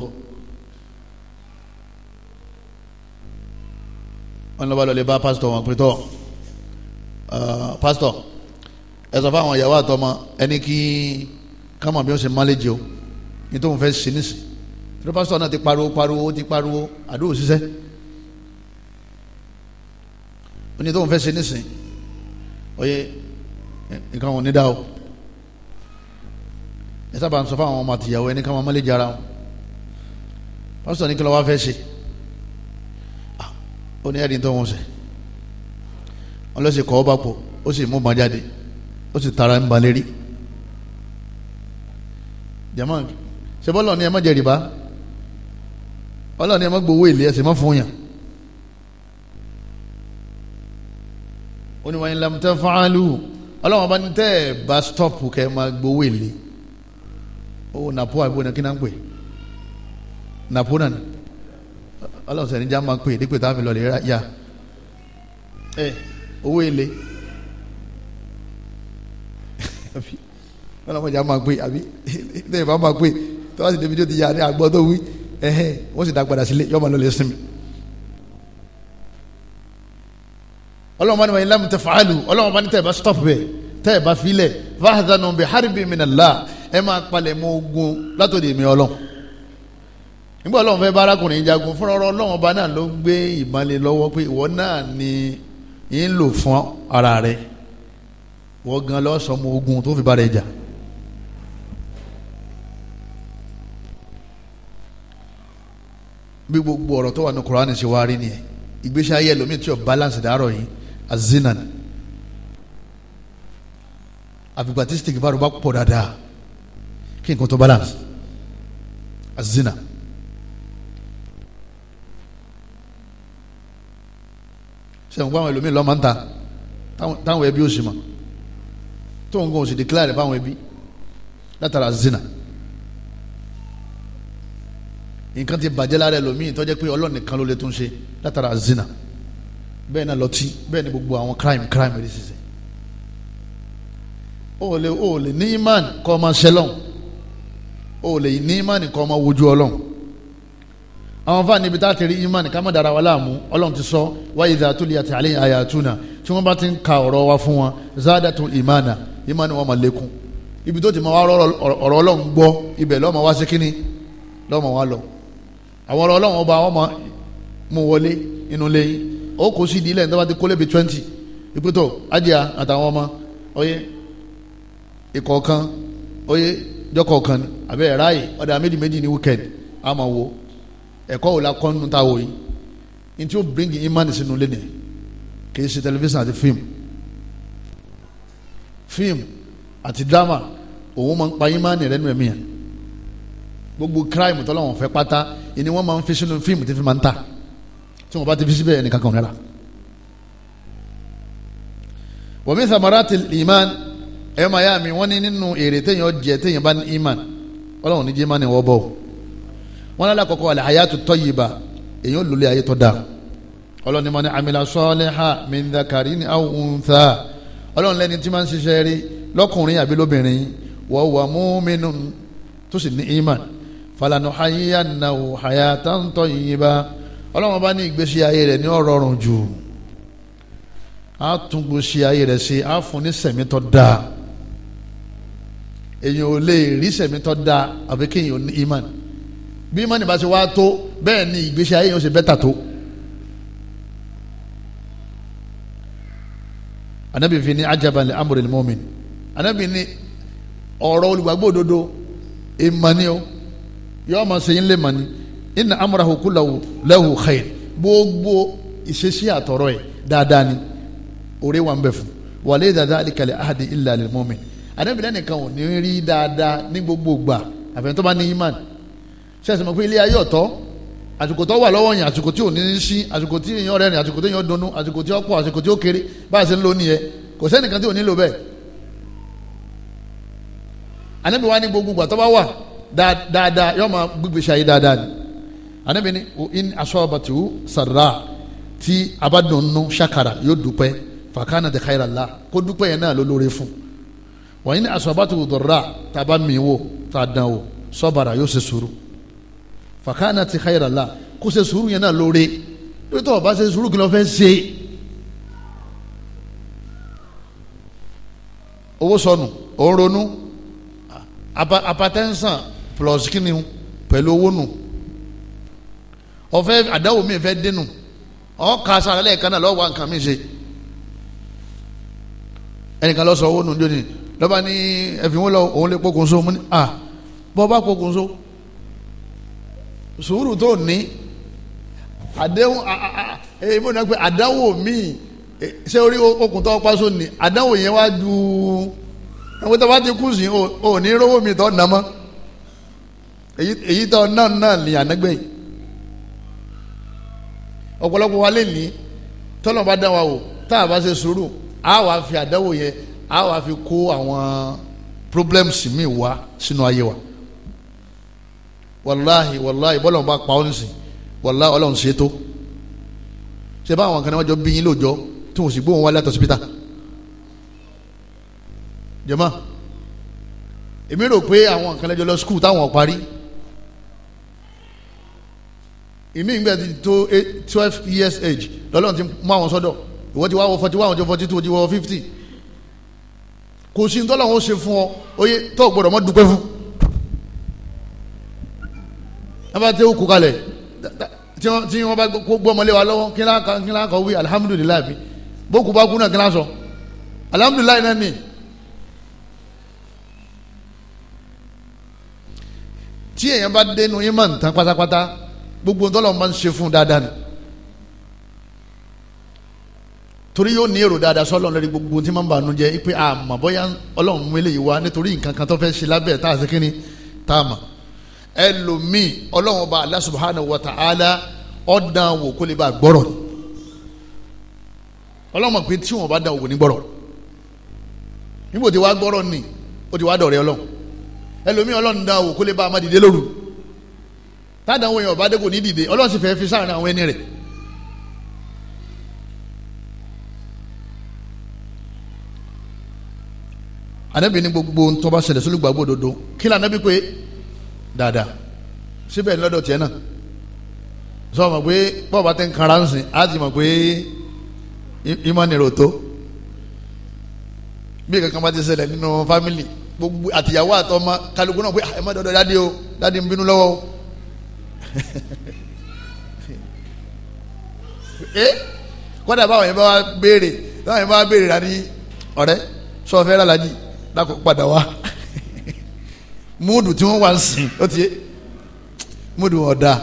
wọn lọ́ba lọ́lẹ̀ bá pásítọ̀ wọn pé tọ́ pásítọ̀ ẹ sọ fáwọn ìyàwó àtọmọ ẹni kí kámọ̀ bí wọ́n ṣe máléjì o ní tó ń fẹ́ ṣe nísì tí pásítọ̀ náà ti pariwo pariwo ti pariwo àdúrà òṣìṣẹ́ ó ní tó ń fẹ́ ṣe nísì oye nǹkan wọn ní dá o ẹ sábà ń sọ fáwọn ọmọ àtìyàwó ẹni kámọ̀ máléjì ara wọn pásítọ̀ ní kí ló wá fẹ́ ṣe ó ní ẹ̀rí tó ń ṣe wọ́n lọ sí kọ́ ọ́ bá pò ó sì mú ọmọ jáde ó sì tara ń ba lérí jama ṣe bọ́lọ̀ ni ẹ má jẹ rìbá ni ẹ má gbowó èlé ẹsẹ̀ má fún yàn ó ní wàá yín lamtẹ́ fáálù ọlọ́wọ́n bá ní tẹ́ ẹ̀ bá stọ́ọ̀pù kẹ́ ẹ má gbowó èlé owó nàpó àbúrò náà kí náà ń pè nàpó náà ni ọlọ́sẹ̀ níjà máa pè dípò táwọn fi lọ lè ra yá owó èlé àbí wọn làwọn ìjà máa gbé àbí tẹ́lẹ̀ bá máa gbé tí wọ́n sì débi tó ti yà ní àgbọ̀ tó wí ẹ̀hẹ́n wọ́n sì dá padà sílé yọ́ máa lọ lè sinmi. ọlọ́run bá ní wàyí lámì tẹ fàálù ọlọ́run bá ní tẹ̀ bá stop bẹ̀ tẹ̀ bá filẹ̀ fàhàdánù bẹ̀ haribi minallah ẹ máa palẹ̀ mọ́ ogun látòdì mi ọlọ́run nígbà ọlọ́run fẹ́ bá arákùnrin jagun fúnra ọlọ́run ọba náà ló gbé ìbálẹ̀ lọ́wọ́ pé ìwọ náà ni ń lò fún ara rẹ̀ wọ́n gan lọ́sọ̀mọ ogun tó fi bá rẹ̀ jà. bí gbogbo ọ̀rọ̀ tó wà ní Kùránì ṣe wá rí nìyẹn ìgbésí ayé ẹlòmíì tí ò balance dàárọ̀ yìí azinan àfìgbà tí stick bá rò bá pọ̀ dáadáa kí nǹkan tó balance azina. sẹ́wọ̀n gbọ́ àwọn ẹlòmíì lọ́ọ́ máa ń ta táwọn ẹbí ò sì mọ̀ tó ń gan òsì declare fáwọn ẹbí látara zina nǹkan ti bàjẹ́ lára ẹlòmíì tó jẹ́ pé Ọlọ́run nìkan ló lè tún ṣe látara zina bẹ́ẹ̀ náà lọ́tí bẹ́ẹ̀ ni gbogbo àwọn crime crime rí sísè o lè ní iman kọ́ ọmọ sẹlọ́n o ní iman kọ́ ọmọ wojú ọlọ́n àwọn fáà níbi tá a ti rí iman ká má dara wa láàmú ọlọ́n ti sọ wa idha tuliyat alayhi ayatuna tí wọ́n bá ti ń ka ọ̀rọ̀ wa fún wọn zadatul imana ìmọ̀ ni wọ́n máa lékún ibi tó ti máa wá ọ̀rọ̀ ọlọ́run gbọ́ ibẹ̀ lọ́mọ wá sí kínní lọ́mọ wá lọ àwọn ọ̀rọ̀ ọlọ́run ọba wọn máa mú wọlé inú lẹ́yìn ó kó sí ìdílé ní tó bá ti kó lébi twenty ìpótò ajá àtàwọn ọmọ ọyẹ ìkọ̀ọ̀kan ọyẹ jọkọ̀ọ̀kan àbẹ́ ẹ̀ ráàyè ọ̀dà méjì méjì ní weekend a máa wo ẹ̀kọ́ wò la kọ́ nínú táwọn yìí ní ó bring imani sínú lẹ́nìí kì í ṣe tẹlifíṣàn àti fíìmù fíìmù àti drama òun máa ń pa ìmánì rẹ̀ nù ẹ̀mí yẹn gbogbo crime tọ́lọ́wọ́n fẹ́ pátá ni wọ́n máa ń fi sínú fíìmù tí fi máa ń ta tí wọ́n bá ti fi síbẹ̀ ẹnì kankan rẹ̀ la. wa min thamarati al-iman ẹ̀ máa yá mi wọ́n ní nínú èrè téèyàn jẹ téèyàn bá ní ìmán ọlọ́run ní jẹ́ ìmánì wọ́ bọ̀ wọ́n lálẹ́ àkọ́kọ́ al-hayatu tayyiba èyàn lulẹ̀ ayé tó dáa ọlọ́run ní man amila salihan min dhakarin aw untha ọlọ́run lẹ́ni tí máa ń ṣiṣẹ́ rí lọ́kùnrin àbí lóbìnrin wa huwa mu'minun tó sì ní iman falanuhayyiyannahu hayatan tayyiba ọlọ́run bá ní ìgbésí ayé rẹ̀ ní ọ̀rọ̀rùn jù á tún gbèsè ayé rẹ̀ ṣe á fún ní sẹ̀mí tó èyàn ò lè rí sẹ̀mí tó àbí kéèyàn ní iman bí iman bá ṣe wá tó bẹ́ẹ̀ ni ìgbésí ayé yẹn ó ṣe bẹ́tà tó. anabi fi ni ajaban li amri al-mu'min anabi ni ọ̀rọ̀ olùgbàgbọ́ òdodo ìmọ̀ni o yọ ọmọ sẹ́yìn lè mọ̀ni inna amrahu kullahu lahu khair gbogbo ìṣesí àtọ̀rọ̀ ẹ̀ dáadáa ni òré wa ń bẹ̀ fún wàlẹ́ dáadáa àdìkàlẹ̀ ahadi illa lil-mu'min anabi lẹ́nu kan ò ní rí dáadáa ní gbogbo gbà àfẹ́ntọ́ bá ní imán ṣe ilé ayé ọ̀tọ̀ àsìkò tó wà lọ́wọ́ yẹn àsìkò tí ò ní í sí àsìkò tí èèyàn rẹ̀ rìn àsìkò tí èèyàn dunnú àsìkò tí ó pọ̀ àsìkò tí ó kéré bá a ṣe ń lò nìyẹn kò sẹ́nìkan tí ò ní lò bẹ́ẹ̀. ànábì wa ní gbogbo ìgbà tó bá wà dáadáa yóò máa gbígbé ṣayé dáadáa ni ànábì ní o in asọ́bàtì o sàrà tí abádùnnú ṣàkàrà yóò dúpẹ́ fàkànà tẹ káyìrà la kó dúpẹ́ yẹn náà ló lóore fún wọ́n in asọ́bàtì o dọ̀rà tàbá Fakana ti khayra la kó ṣe sùúrù yẹn náà lóore lórí tó o bá ṣe sùúrù kí ló fẹ́ ṣe owó sọnù òun ronú apatẹ́nsàn plus kíni pẹ̀lú owó nù ọ̀fẹ́ àdáwò mi fẹ́ dénú ọ̀ọ́ka sara lẹ́ẹ̀kan náà lọ́wọ́ nǹkan mi ṣe ẹnìkan lọ sọ owó nù jóni lọ́ba ní ẹ̀fínwó lọ òun lè pokùnso mu ní à bọ́ bá pokùnso sùúrù tó ní àdéhùn eh, ibo náà pé àdáwò míì eh, ṣé orí okùn tó pàṣọ ni àdáwò yẹn wá ju ẹ̀wọ́n tó bá ti kú sí ò ní rówó mi tó nà mọ́ èyí tó náà náà ní ànágbẹ́yìn ọ̀pọ̀lọpọ̀ wa lè ní tọ́lọ̀ bá dá wa wò tá a bá ṣe sùúrù a wà fi àdáwò yẹn a wà fi kó àwọn problems mi wá sínú ayé wa wàláhì wàláhì bọ́lọ̀ bá pa ọ́ nísìn wàláhì ọlọ́run ṣe tó ṣe bá àwọn kan náà wọ́n jọ bí yín lóòjọ́ tí wọ́n sì gbóhùn wálé àtọ̀sípítà jẹ́mọ́ èmi rò pé àwọn kan lọ skul táwọn parí èmi ìgbà tí tó twelve years age lọ́lọ́run ti mú àwọn sọ́dọ̀ ìwọ ti wá wọ forty one ọjọ́ forty two ọjọ́ fifty kò sí ní tọ́lọ́run ó ṣe fún ọ oyè tó gbọ́dọ̀ mọ́ dúpẹ́ bá tẹ́ òkú kalẹ̀ tí wọ́n bá gbọ́ ọmọlé wa lọ́wọ́ kí láǹkà wí alihamudulilayi mi bókù bá kú náà kí láǹ sọ alihamudulilayi náà nì. tí èèyàn bá dénú yín máa ń tán pátápátá gbogbo ntọ́lọ́ máa ń ṣe fún dáadáa ni torí yóò ní èrò dáadáa sọ́lọ́n lórí gbogbo tí máa ń bànú jẹ́ pé àmọ́ bóyá ọlọ́run mú eléyìí wá nítorí nǹkan kan tó fẹ́ ṣe lábẹ́ tá a ṣe ni tá a mọ̀ ẹlòmíì ọlọ́run ọba Allah subhanahu wa ta'ala ọ̀dàn wò kó lè bá gbọ́rọ̀ ni ọlọ́run pé tí wọn bá dàn wò ní gbọ́rọ̀ níbo tí wàá gbọ́rọ̀ ni ó ti wàá dọ̀rẹ́ ọlọ́run ẹlòmíì ọlọ́run dàn wò kó lè bá a má dìde lóru tádàn wò yẹn ọba dẹ́kun ní dìde ọlọ́run sì fẹ́ fi sáàrin àwọn ẹni rẹ̀ anabi ni gbogbo ntọ́ba ṣẹlẹ̀ sólùgbàgbọ́ òdodo kí lànà bí pé dáadáa síbẹ̀ ní lọ́dọ̀ tiẹ̀ náà sọ ma pé bọ́ọ̀bù àti nkàrà ń sìn á ti mọ̀ pé ìmọ̀ nìrò tó bí kankan bá ti ṣẹlẹ̀ nínú fámìlì gbogbo àtìyàwó àtọmọ kálukú náà pé ah, ẹ má dọdọ dáadé o dáadé ń bínú lọ́wọ́ o ee eh? kódà báwọn yẹn bá wá béèrè báwọn yẹn bá wá béèrè rà ní ọ̀rẹ́ sọ fẹ́ rà lájì padà wá múdù tí wọ́n wá ń sìn ó ti múdù ọ̀dà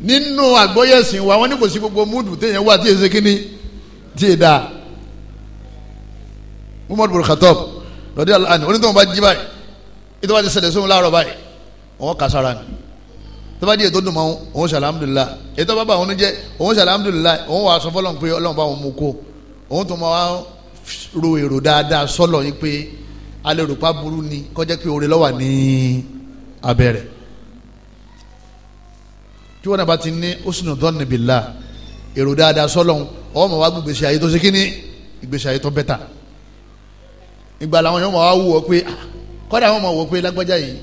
nínú àgbọ́yẹ̀sìn wa wọ́n ní kò sí gbogbo múdù téèyàn wà tí èsè kínní tí èdà Umar bin Khattab lọ́dí àlàní onítọ̀hún bá jí báyìí ìtọ́wá ti ṣẹlẹ̀ sóhun láàárọ̀ báyìí wọ́n kà sára ni tó bá di ètò dùnmọ́ òun ṣe alhamdulilah ètò bá bá òun jẹ́ òun ṣe alhamdulilah òun wàá sọ fọlọ́n pé ọlọ́run bá òun mú kó òun tó máa ro èrò dáadáa sọ́lọ̀ yìí pé alẹ́ rò pa burú ni kọjá pé oore lọ́wọ́ ní abẹ́rẹ́ tí wọn bá ti ní usnu dhanni billah èrò dáadáa sọlọ́n ọmọ wa gbèsè ayé tó ṣe kí ni ìgbésẹ̀ ayé tó bẹ́tà ìgbà làwọn yóò máa wù ọ pé ah, kọ́dà wọn máa wù ọ pé lágbájá yìí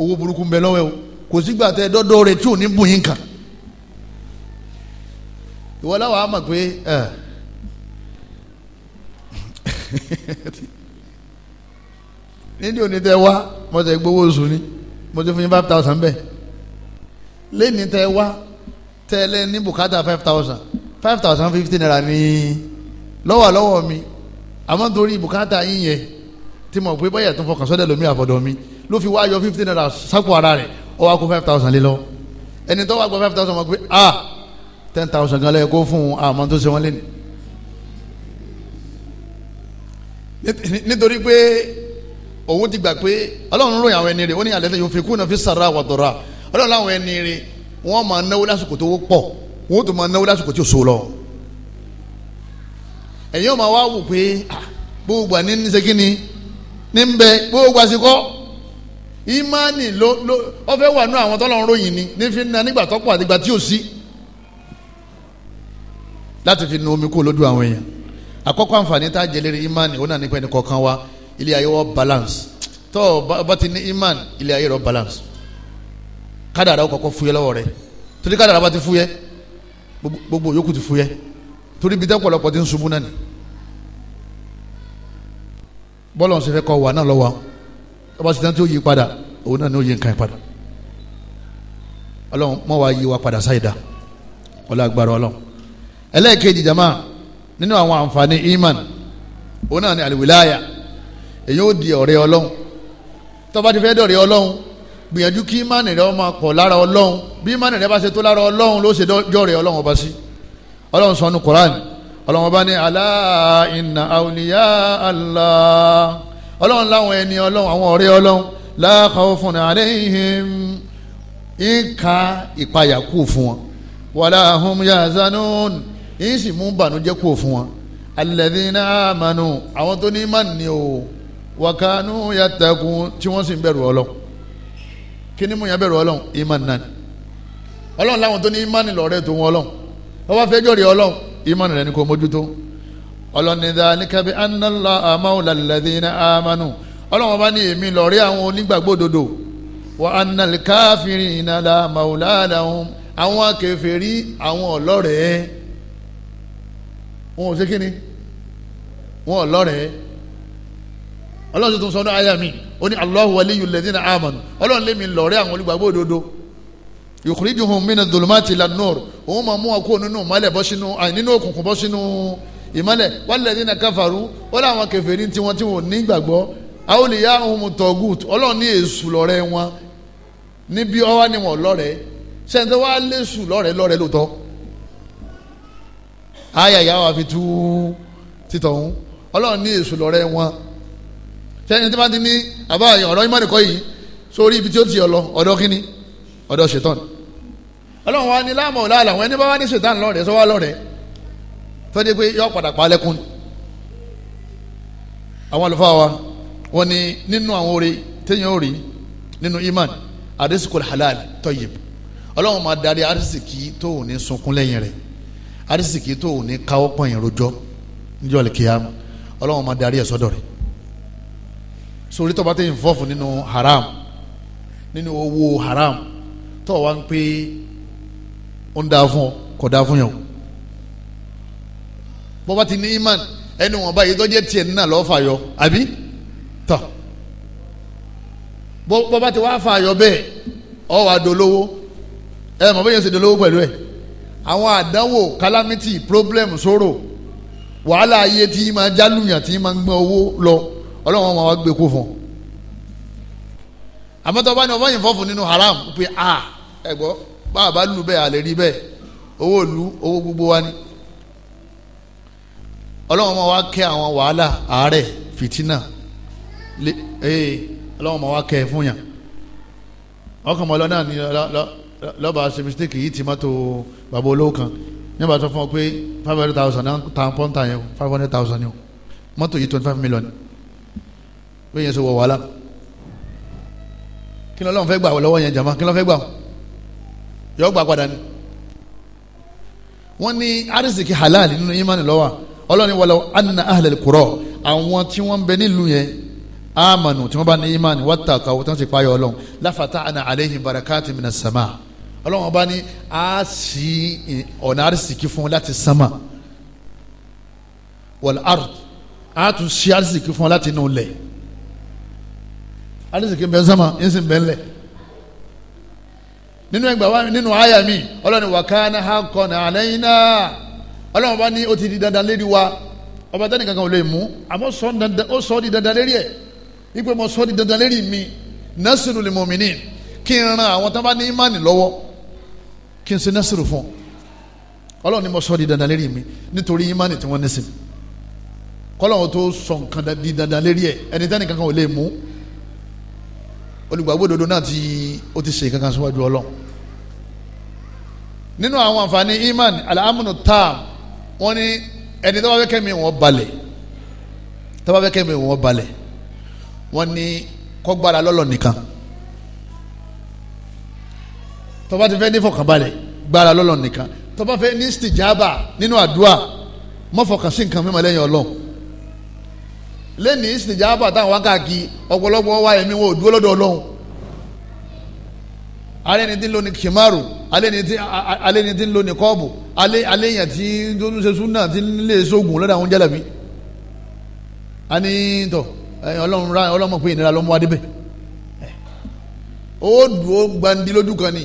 owó burúkú bẹ lọ́wọ́ ẹ o kò sígbà tẹ dọ́dọ́ rẹ tí ò ní bùn yín kàn ìwọ láwọn mọ̀ pé ẹ̀. Eh, nídìí òní tẹ wá mo tẹ gbowó oṣù ni mo ti fún yín five thousand bẹ́ẹ̀ lẹ́ni tẹ wá tẹ́lẹ̀ ní bukata five thousand five thousand fifty naira ní lọ́wọ́lọ́wọ́ mi àmọ́ torí bùkátà yín yẹn tí mo pé báyà tó fọkàn sọ́dẹ̀ lómi àfọ̀dọ̀ mi ló fi wá yọ fifty naira sápò ara rẹ̀ ó wá kó five thousand lé lọ ẹni tó wá gba five thousand mọ̀ pé ah ten thousand gan lẹ́yìn kó fún un àmọ́ tó ṣe wọ́n lé nítorí pé òun ti gbà pé ọlọ́run ròyìn àwọn ẹni rẹ̀ ó ní àlẹ́fẹ́ yóò fi kú náà fi sàrà àwọ̀dọ̀ra ọlọ́run láwọn ẹni rẹ̀ wọ́n máa náwó lásìkò tó pọ̀ wọ́n tó máa náwó lásìkò tó so lọ. ẹ̀yin ọmọ wa wò pé gbogbo àní ní sẹ́kínni ní bẹ gbogbo àsìkò ìmánì ló ló ọfẹ́ wà nú àwọn tọ́lọ́run ròyìn ni ní fi na nígbà tọ́pọ̀ àtìgbà tí ò sí láti fi nu omi kó lójú àwọn èèyàn àkọ́kọ́ àǹfààní tá a jẹ imani ó náà ni ẹni kọ̀ọ̀kan wa ilé ayé wọ́ balance tọ́ ọ bá imani ilé ayé rọ balance kádàrá ó kọ́kọ́ fúyẹ́ lọ́wọ́ rẹ torí kádàrá bá ti fúyẹ́ gbogbo yòókù ti fúyẹ́ torí bí tẹ́pọ̀lọpọ̀ ti ń ṣubú náà ni bọ́lá ọ̀sẹ̀ fẹ́ kọ́ wà náà lọ́wọ́ ọba ṣetán tí ó yí padà òun náà ni ó yí nǹkan padà ọlọ́run mọ́ wa yí wa padà sáyidá ọlọ́run agbára ọlọ́run ẹlẹ́ẹ̀kejì jama nínú àwọn àǹfààní iman òun náà ni àlùwìláyà èyí ó di ọ̀rẹ́ ọlọ́run tó ti fẹ́ dọ̀rẹ́ ọlọ́run gbìyànjú kí iman rẹ ó máa pọ̀ lára ọlọ́run bí iman rẹ bá ṣe tó lára ọlọ́run ló ṣe dọ̀rẹ́ ọlọ́run ọba sí ọlọ́run sọ nu Qur'an ọlọ́run ọba ní alá inna awliya Allah ọlọ́run láwọn ẹni ọlọ́run àwọn ọ̀rẹ́ ọlọ́run la khawfun alayhim ń ka fún wọn wala hum yahzanun yìí sì mú bànújẹ́ kúrò fún wọn alladhina amanu àwọn tó ní má ní o wakanu yatakun tí wọ́n sì ń bẹ̀rù ọlọ́ kí ni mo yàn bẹ̀rù ọlọ́ iman náà ọlọ́run láwọn tó ní iman lọ́rẹ́ tó wọn ọlọ́run wọ́n bá fẹ́jọ́ rí ọlọ́run iman rẹ̀ ni kò mójútó ọlọ́run ní dhalika bi anna Allaha mawla alladhina amanu bá ní èmi lọ́rẹ́ àwọn onígbàgbọ́ òdodo wa anna al-kafirina la àwọn akèfèrí àwọn ọlọ́rẹ̀ẹ́ wọn ò ṣe kíni wọn ò lọ́rẹ̀ẹ́ ọlọ́run tuntun sọ́nà àyà mi ó ní Allahu waliyul ladina amanu ọlọ́run lé mi lọ́rẹ́ àwọn olùgbàgbọ́ òdodo yukhrijuhum mina dhulumati ilan nur òun máa mú wọn kó nínú ìmọ́lẹ̀ bọ́ sínú nínú òkùnkùn bọ́ sínú ìmọ́lẹ̀ walladina kafaru ó láwọn kèfèrí tiwọn tí wọn ò ní gbàgbọ́ awliyahum tagut ọlọ́run ní èṣù lọ́rẹ́ wọn níbi ọwá ni wọn lọ́rẹ́ sẹ́ńtẹ́ wàá lé èṣù lọ́rẹ́ lọ́rẹ́ lóòótọ́ àyà ìyá wa fi tú títọ̀ ọ̀hún ọlọ́run ní èso lọ́rẹ́ wọn sẹ́yìn tí wọ́n ti ní àbá ọ̀rọ̀ ìmọ̀nìkọ́ yìí sórí ibi tí ó ti yọ lọ ọ̀dọ́ kínní ọ̀dọ́ ṣetán ọlọ́run wa ní láàmú ọ̀la làwọn ẹni bá wá ní ṣetán lọ́rẹ̀ẹ́ sọ́wọ́ lọ́rẹ̀ẹ́ tọ́jú pé yọ padà pa lẹ́kùn àwọn àlùfáà wa wọ́n ní nínú àwọn oore téèyàn ò rí nínú iman àdéṣikò halal tayyib ọlọ́run máa darí àdéṣikì tó ò ní sunkún lẹ́yìn rẹ̀ arísìkì tó òní káwọ́ pọ̀ yẹn rojọ́ níjọ́ lè kíá ọlọ́run máa darí ẹ̀ sọ́dọ̀ rẹ̀ sórí tó bá tẹ̀yìn fọ́ọ̀fù nínú haram nínú owó haram tó wá ń pè ó ń dáa fún ọ kò dáa fún yẹn o bó ti ní iman ẹni wọn báyìí tó jẹ́ tiẹ̀ nínú àlọ́ fàyọ àbí tọ̀ bó bá ti wá fàyọ bẹ́ẹ̀ ọ wà dolówó ẹ mọ̀ bẹ́ẹ̀ yẹn ṣe dolówó pẹ̀lú ẹ̀ àwọn àdánwò calamity problem sòrò wàhálà ayé tí máa jálùyàn tí máa ń gbọ́n owó lọ ọlọ́run máa wá gbé kó fún un bá ní ọmọ yìí fọ́fún nínú haram pé a ẹ gbọ́ bá a bá lù bẹ́ẹ̀ a lè rí bẹ́ẹ̀ owó ìlú owó gbogbo wa ni ọlọ́run máa wá kẹ́ àwọn wàhálà àárẹ̀ fìtínà eh, ọlọ́run máa wá kẹ́ fún yàn ọkàn mọ́ lọ náà ní lọ́ọ́ lọ́ba ṣe mistake yìí ti mọ́tò bàbá olówó kan nígbà tó fún ọ pé five hundred thousand náà ta pọ́ńtà yẹn five hundred thousand yẹn mọ́tò yìí twenty five million pé yẹn ṣe wọ wàhálà kí lọ́lọ́run fẹ́ gbà lọ́wọ́ yẹn jàmá kí lọ́lọ́run fẹ́ gbà yọ gbà padà ni wọ́n ní arísìkì halal nínú ìmánì lọ́wọ́ ọlọ́ni wàlọ́ anna ahlẹ̀ kúrọ̀ àwọn tí wọ́n bẹ nílùú yẹn amanu tí wọ́n bá ní ìmánì wọ́n ta kàwé tí wọ́n ti payọ̀ ọlọ́run láfàtà àna àlẹ́yìn barakati minas sama ọlọ́run ọba ní a sì ọ̀nà àrísìkí fún láti sánmà wal ard a tún sí àrísìkí fún láti inú lẹ̀ àrísìkí bẹ́ẹ̀ sánmà ń sì bẹ́ẹ̀ lẹ̀ nínú ẹgbẹ́ wa nínú àyà mi ọlọ́run wa kana haqqan alayna ọlọ́run ọba ní ó ti di dandan lérí wa ọba tẹ́ni kankan ò lè mú àmọ́ ó sọ ọ́ di dandan lérí ẹ̀ ipe mo sọ ọ́ di dandan lérí mi nasirul mu'minin kí n ran àwọn tó bá ní ìmánì lọ́wọ́ kí n ṣe nẹ́sìrì fún ọlọ́run ni mo sọ di dandan lérí mi nítorí ìmánì tí wọ́n ní sí kọ́lọ́run tó sọ nǹkan di dandan lérí ẹ̀ ẹni tẹ́ni kankan ò lè mú olùgbàgbọ́ òdodo náà ti ó ti ṣe kankan síwájú ọlọ́run nínú àwọn àǹfààní iman alaamunu taam wọ́n ní ẹni tó bá fẹ́ kẹ́mi wọn balẹ̀ tó bá fẹ́ kẹ́mi wọn balẹ̀ wọ́n ní kó lọ́lọ́ nìkan tó bá ti fẹ́ ní fọkànbalẹ̀ gbára lọ́lọ́ nìkan tó bá fẹ́ ní stijaba nínú àdúrà má fọkàn sí nǹkan mímọ́ lẹ́yìn Ọlọ́run lẹ́ni stijaba táwọn wákàkì ọ̀pọ̀lọpọ̀ wá ẹ̀mí wọn ò dúró lọ́dọ̀ Ọlọ́run alẹ́ ni ti ń lo ni kìmáàrù alẹ́ ni ti ń lo ni kọ́ọ̀bù alẹ́ yẹn ti ń ṣe súnà ti ń lé sóògùn lọ́dọ̀ àwọn jálàbí ani tọ Ọlọ́run ra Ọlọ́run mọ̀ pé ìnira ló mú adébẹ̀ ó dùn ó gbandi kan ni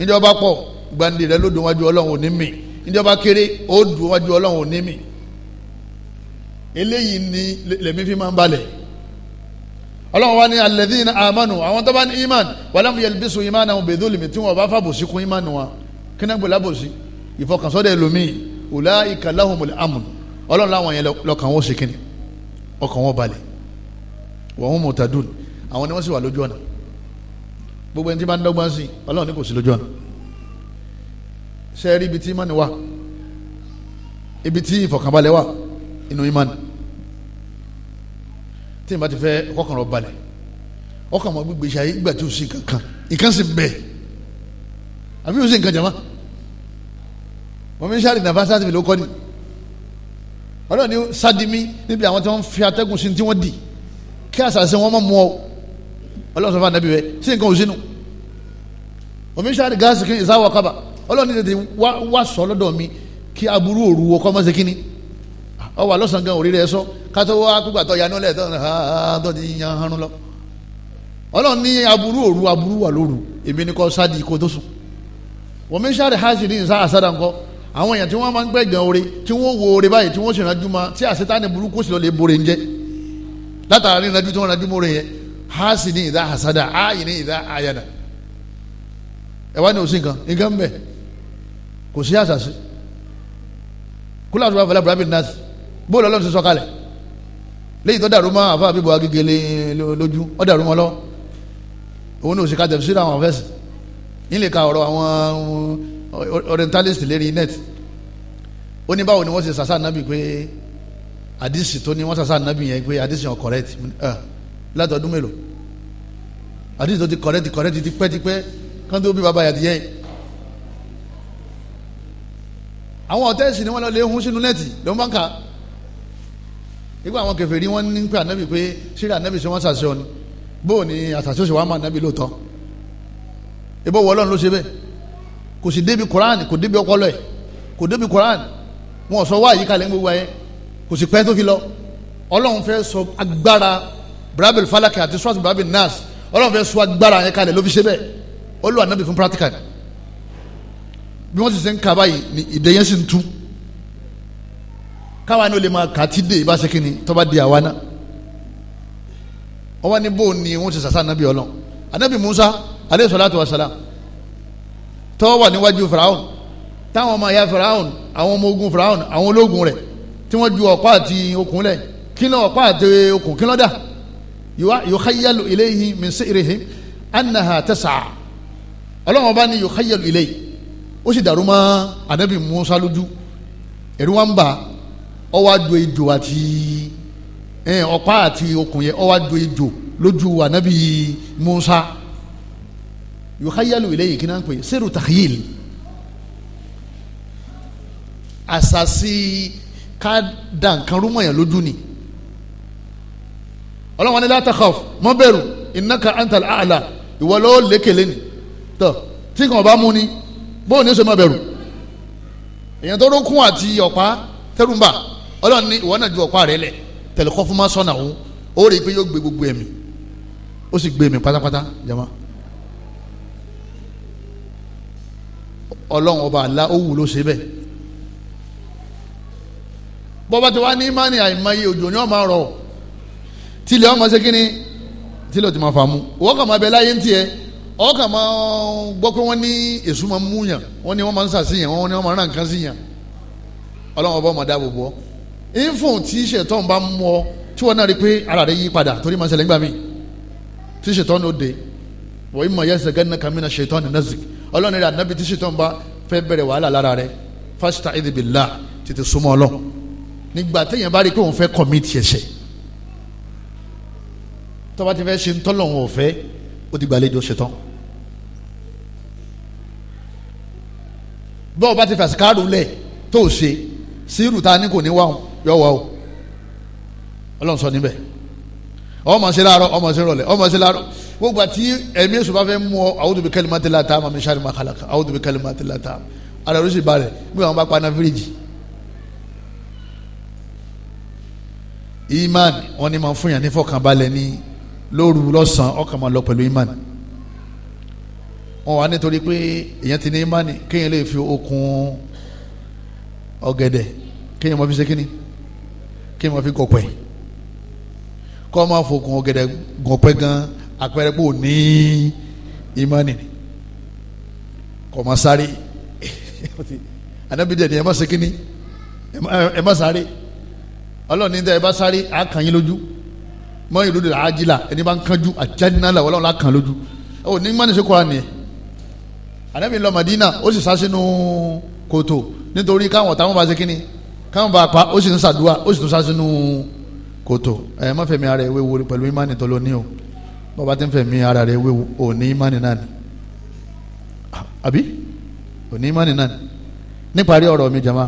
níjọ́ bá pọ̀ gbàǹdì rẹ ló dùn wájú ọlọ́run òní mi níjọ́ bá kéré ó dùn wájú ọlọ́run òní mi eléyìí ni lèmi fi máa ń balẹ̀ ọlọ́run wa ni alladhina amanu àwọn tó bá ní iman walam yalbisu imanahum bidhulmi tí wọn bá fàbòsí kún iman wọn kí náà gbọ́dọ̀ àbòsí ìfọkànsọ́dọ̀ ẹlòmíì ulaika lahumul amn ọlọ́run láwọn yẹn lọ́kàn wọn ó ṣe ọkàn wọn balẹ̀ wa hum muhtadun àwọn ni wọ́n sì wà lójú ọ̀nà gbogbo ẹni tí bá ń dọ́gbọ́n sí ọlọ́run ní kò sí lójú ọ̀nà ṣe rí ibi tí ìmánì wà ibi tí ìfọ̀kànbalẹ̀ wà inú ìmánì tí ìmá ti fẹ́ kọ́kànrọ̀ balẹ̀ ọkàn mọ́ gbígbé ṣayé ìgbà tí o sì kankan ìkan sì bẹ̀ àbí o sì nǹkan jama wọ́n nàfà sáà ló kọ́ ni ọlọ́run ní sádìmí níbi àwọn tí wọ́n fi atẹ́gùn sí tí wọ́n dì kí àṣà sí wọn mọ̀ mọ́ ọ. ọlọ́run sọ fún anabi rẹ sí nǹkan òsínú omi sáré gáàsì kí ìsáwọ kábà ọlọ́run ní tètè wá sọ lọ́dọ̀ mi kí aburú òru wọ kọ́mọ́ sí kínní ọ wà lọ́sàn gan sọ kátó wá tó tó ti yan lọ ọlọ́run ní aburú wà lóru èmi ni kò tó sùn omi sáré hásì ní ìsá àsádà àwọn èèyàn tí wọ́n máa ń gbẹ̀gbẹ̀ oore tí wọ́n wo oore báyìí tí wọ́n sì ma tí àṣetánì burúkú sì lọ lè ń látàrí tí hasidi ìdá hasada ayini ìdá ayada ẹ wá ní òsì nǹkan nǹkan ń bẹ kò sí àṣàṣì kúlọ̀ àti bàbá alábàbí nàásì bóòlù ọlọ́run ti sọ kalẹ̀ léyìí tó dàrú mọ́ àfa àbíbọ̀ agégele lójú ó dàrú mọ́ lọ òun ní òsì ká tẹ̀síwìrì àwọn afẹ́sì nílẹ̀ ka ọ̀rọ̀ àwọn orientalist lérí net ó ní báwo ni wọ́n ṣe sàṣà nábì pé àdìsí tó ní wọ́n sàṣà nábì yẹn pé àdìsí yẹn correct. Uh, látọdún mélòó àdìsí tó ti kọ̀rẹ́ ti kọ̀rẹ́ ti ti pẹ́ ti pẹ́ kán tó bí bàbá yàtìyẹ́ àwọn ọ̀tẹ́sì ni wọ́n lọ lé hun sínú nẹ́ẹ̀tì ló ń bá ń kà nígbà àwọn kèfèrí wọn ní pé ànábì pé síra ànábì sọ wọn ṣàṣẹ ọ ni bóò ni àṣàṣe òṣèwà máa ànábì lóòótọ́ ìbò wọ Ọlọ́run ló ṣe bẹ́ẹ̀ kò sì débi koran kò débi ọpọlọ ẹ kò débi koran wọn sọ wá àyíká lẹ́yìn gbogbo ayé kò sì pẹ́ tó fi lọ Ọlọ́run fẹ́ sọ agbára brabil falaki àti surat brabil nas ọlọ́run fẹ́ sọ agbára yẹn kalẹ̀ ló fi ṣe bẹ́ẹ̀ ó lo ànábì fún practical bí wọ́n sì ṣe ń kà báyìí ni ìdè yẹn sì ń tú káwa ni ó lè máa kà á ti dé ìbá kí ni tó bá di àwa náà wọ́n wá ní bó ni wọ́n ti sàṣà ànábì ọlọ́run ànábì Musa aleyhi salatu wa salam tọ́wọ́ wà níwájú firaun táwọn ọmọ ìyá firaun àwọn ọmọ ogun firaun àwọn ológun rẹ̀ tí wọ́n ju ọ̀pá àti okùn lẹ̀ kí ló ọ̀pá àti okùn kí ló dà yukhayyalu ilayhi min si'rihim annaha tas'a ọlọ́run bá ní yukhayyalu ilayhi ó sì dàrú mọ́ anabi musa lójú ẹ̀rú wa ń bà ọ wá do ejò àti ọ̀pá àti okùn yẹn ọ wá do ejò lójú anabi musa yukhayyalu ilayhi kí náà ń pè sẹ́rù takhyil àṣàṣì ká dà nǹkan rúmọ̀ yẹn lójú ni ọlọ́run ni la takhaf mọ́ bẹ̀rù innaka antal a'la ìwọ ló lékele ni tọ́ tí kàn bá mú ni bóun ní sọ ma bẹ̀rù èèyàn tó rókun àti ọ̀pá tẹ́rùmbà ọlọ́run ni ìwọ náà ju ọ̀pá rẹ lẹ̀ tẹ̀lẹ́kọ́ fún ma sọ́nà òun ó rí i pé yóò gbé gbogbo ẹ̀mí ó sì gbé ẹ̀mí pátápátá jama ọlọ́run ọba àlá ó wù ló ṣe bẹ́ẹ̀ bọ́ba ti wá ní imáni àìmọye òjò ni wọ́n máa rọ̀ ọ́ tilẹ̀ ọmọ ṣe kínní tilẹ̀ ò ti máa fàmú wọ́n kàn máa bẹ láyé ń tiẹ̀ wọ́n kàn máa gbọ́ pé wọ́n ní èṣù máa mú yàn wọ́n ní wọ́n máa ń sàṣìyàn wọ́n ní wọ́n máa ń ràn nǹkan sí yàn ọlọ́run ọba ọmọdé àbòbọ́ infun tí ṣètọ́n bá mú ọ tí wọ́n náà rí pé ara rẹ̀ yí padà torí máa ń ṣẹlẹ̀ mí tí ṣètọ́n ó de wọ́n ìmọ̀ yẹn ṣẹ̀gẹ́ kàmínà ṣètọ́n tó bá ti fẹ́ ṣe ń tọ́lọ̀ wọn ò fẹ́ ó ti gbàlejò ṣetán bọ́ọ̀ bá ti fàṣíkàrù lẹ̀ tó o ṣe sírù ta ni kò ní wá o yọ wá o ọlọ́run sọ níbẹ̀ ọmọ sí láàárọ̀ ọmọ sí rọ̀lẹ́ ọmọ sí láàárọ̀ gbogbo àti ẹ̀mí èso bá fẹ́ mú ọ a'udhu bi kalimati llahi taama min sharri ma khalaqa a'udhu bi kalimati llahi taama ara ló sì ba rẹ̀ bí wọn bá paná fíríjì. iman wọn ni máa fún yàn ní fọkànbalẹ̀ ní lóru lọ́sàn ọkàn máa lọ pẹ̀lú imani wọn wà nítorí pé èèyàn ti ní imani kéèyàn lè fi okun ọ̀gẹ̀dẹ̀ kéèyàn máa fi ṣe kíni kéèyàn máa fi gọ̀pẹ̀ kọ́ máa fokun ọ̀gẹ̀dẹ̀ gọ̀pẹ̀ gan àpẹẹrẹ pò ní imani kọ́ máa sáré anabidẹ ni ẹ má ṣe kíni ẹ má sáré ọlọ́ọ̀ni tẹ ẹ bá sáré àákàn yín lójú mọ ìlú de la ajila ẹni bá ń kánjú àjánilá wọlé wọn la kàn lójú ọ ní mọ níṣe kura nìyẹn ànábì lọ Madina ó sì sá sínú kòtò nítorí káwọn táwọn bá ṣe kínní káwọn bá pa ó sì ń ṣàdúrà ó sì tún sá sínú kòtò ẹ má fẹ̀mí ara ẹ wéwu pẹ̀lú ìmánì tó ló ní o bàbá tí ń fẹ̀mí ara rẹ wéwu ò ní ìmánì náà ni àbí ò ní ìmánì náà ni níparí ọ̀rọ̀ mi jama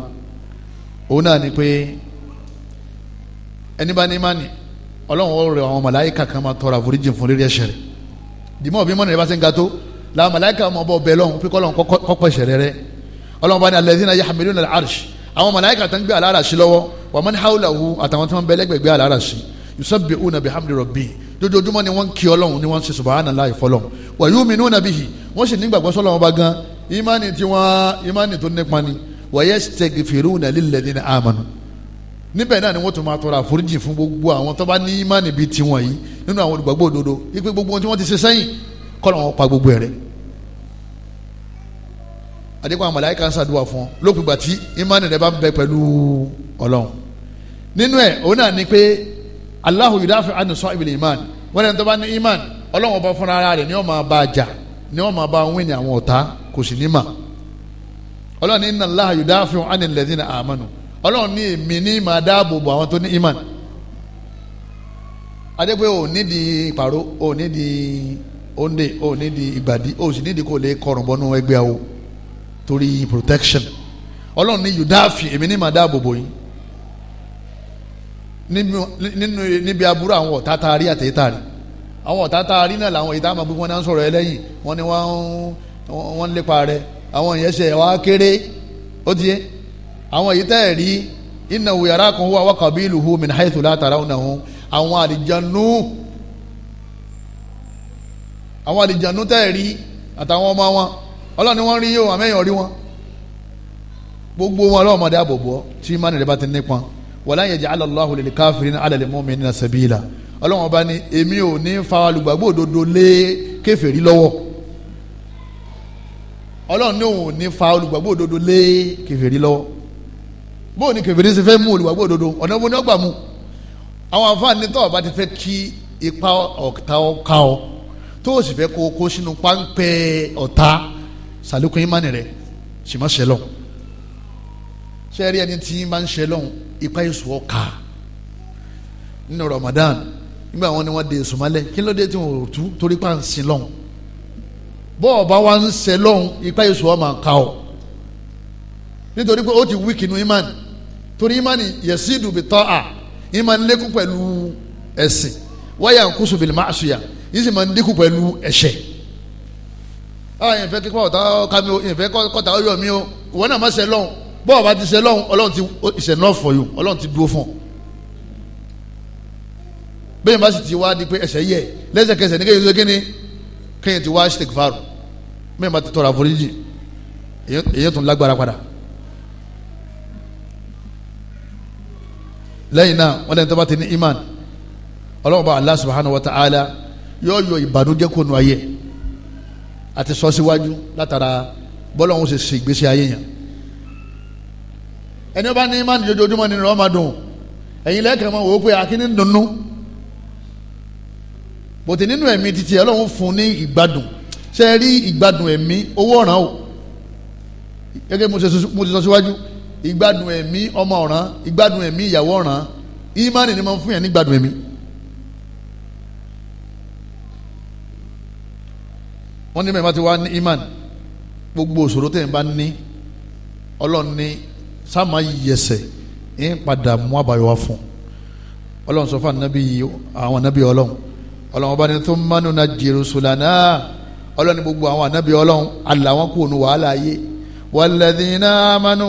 òun náà ni pé ẹni bá ní ìmánì ọlọ́run ó rẹ àwọn màláìka kan máa tọrọ àforíjì fún lérí ẹ̀ṣẹ̀ rẹ̀ dìmọ́ òbí mọ́nà ìbá ṣe ń ga tó làwọn màláìka ọmọ bọ̀ bẹ́ẹ̀ lọ́hùn pé kọ́lọ́hún kọ́pọ̀ ẹ̀ṣẹ̀ rẹ̀ rẹ̀ ọlọ́run bá ní alladhina yahmiluna al-arsh àwọn màláìka tó ń gbé alárasí lọ́wọ́ wa man hawlahu àtàwọn tó ń bẹ lẹ́gbẹ̀ẹ́ gbé alárasí yusabbihuna bihamdi rabbihim dojoojúmọ́ ni wọ́n ń kí ọlọ́run ni níbẹ̀ náà ni wọ́n tún máa tọrọ àforíjì fún gbogbo àwọn tó bá ní ìmánì bíi tiwọn yìí nínú àwọn olùgbàgbọ́ òdodo ipe gbogbo ohun tí wọ́n ti ṣe sẹ́yìn kọ́ra wọn pa gbogbo ẹ̀rẹ́. àdékùn àwọn màláíkà ń ṣàdúrà fún ọ lópin ìgbà tí ìmánì rẹ bá ń bẹ pẹ̀lú ọlọ́run. nínú ẹ̀ òun náà ni pé Allahu yudafi anu sahibil iman wọ́n lẹ́nu tó bá ní iman ọlọ́run ọlọ́run ní èmi ní máa dáàbò bò àwọn tó ní iman adépe ò ní di ìpàrọ̀ ò ní di òǹdè ò ní di ìgbàdí ò sì ní di kò lè kọrùn bọ́nú ẹgbẹ́ o torí protection ọlọ́run ní yudafi èmi ní máa dáàbò bò yín níbi aburú àwọn ọ̀tá tá a rí àtẹ̀yẹ́tà rí àwọn ọ̀tá tá a rí náà làwọn ìta máa bí wọ́n náà ń sọ̀rọ̀ ẹlẹ́yìn wọ́n ní wọ́n ń lépa rẹ̀ àwọn ìyẹn ṣe wá kéré ó ti yé àwọn èyí tẹ́ ẹ̀ rí iná wuyàrá kan wà wákà bí ìlú hu min haythu la tarawnahum àwọn àlìjánu àwọn àlìjánu tẹ́ ẹ̀ rí àtàwọn ọmọ wọn ọlọ́ni wọn rí yóò àmẹ́yàn rí wọn gbogbo wọn ọlọ́mọdé àbọ̀bọ̀ tí imáni rẹ bá ti nípọn wala yaj'ala Allahu lil kafirina ala lil mu'minina sabila ọlọ́wọ́n bá ní èmi ò ní fa olùgbàgbọ́ òdodo lé kèfèrí lọ́wọ́ ọlọ́run ní òun ò ní fa olùgbàgbọ́ òdodo lé kèfèrí lọ́wọ́ bó o ní kèfèrí ṣe fẹ́ mú olùwàgbọ́ òdodo ọ̀nà wo ni ọgbà mu àwọn àǹfààní tó ọba ti fẹ́ kí ipa ọ̀tá ọ̀ka ọ tó o sì fẹ́ kó o kó sínú páńpẹ́ ọ̀tá sàlékún ìmánì rẹ sì má ṣẹlọ sẹ́ẹ̀rí ẹni tí máa ń ṣẹlọ ipa èso ọ̀ka nínú Ramadan nígbà wọn ni wọn de èso mọ́lẹ̀ kí ló dé tí wọn ò tú torí pa ń sin lọ́hùn bọ́ọ̀bá wa ń ṣẹlọ́hùn ipa èso ọ̀ máa ka nítorí pé ó ti wíkì nu ìmánì torí imani yasidu bi ta'a imani lékún pẹ̀lú ẹ̀sìn wáyà nkúso bil ma'asiya yìí sì máa ń dínkù pẹ̀lú ẹ̀ṣẹ̀ ah ìfẹ́ kíkọ́ ọ̀tá ọ̀ka mi o ìfẹ́ kọ́ta ọ̀yọ́ mi o ìwọ náà má ṣe lọ́hùn bọ́ọ̀ bá ti ṣe lọ́hùn ọlọ́run ti ṣe náà fọ̀ yìí ọlọ́run ti dúró fún ọ bẹ́ẹ̀ bá sì ti wá di pé ẹ̀ṣẹ̀ yẹ lẹ́sẹ̀kẹsẹ̀ ní kéyìn kíni kéyìn ti wá ṣèkfàrù bẹ́ẹ̀ bá ti tọrọ àforíjì èyí tún lágbára padà. lẹ́yìn náà wọ́n lẹ́yìn tó bá ti ní iman ọlọ́run bá Allah subhanahu wa ta'ala yóò yọ ìbànújẹ́ kò nu ayé àti sọ síwájú látara bọ́lọ́hún ṣe ṣe ìgbésí ayé yẹn ẹni ó bá ní iman jojoojúmọ́ nínú ọmọ dùn ẹ̀yin lẹ́ẹ̀kan mọ́ wò ó pé akíní dunnú bòtí nínú ẹ̀mí títí ọlọ́run fún ní ìgbádùn ṣe rí ìgbádùn ẹ̀mí owó ọ̀ràn o gẹ́gẹ́ mo ti sọ síwájú ìgbádùn ẹ̀mí ọmọ ọ̀ràn ìgbádùn ẹ̀mí ìyàwó ọ̀ràn ìmánì ni máa ń fún yàn ní ìgbádùn ẹ̀mí. wọ́n ní mẹ́ẹ̀má ti wá ní iman gbogbo òṣòro tẹ̀ ń bá ní ọlọ́run ní sáàmà yẹsẹ̀ ń padà mú àbáyọ wá fún ọlọ́run sọ fún ànábì àwọn ànábì ọlọ́run ọlọ́run bá ní tó mánú na jèrùsùlànà ọlọ́run ní gbogbo àwọn ànábì ọlọ́run àlàwọn kò nu wàhálà ayé wàlẹ́dínà mánú.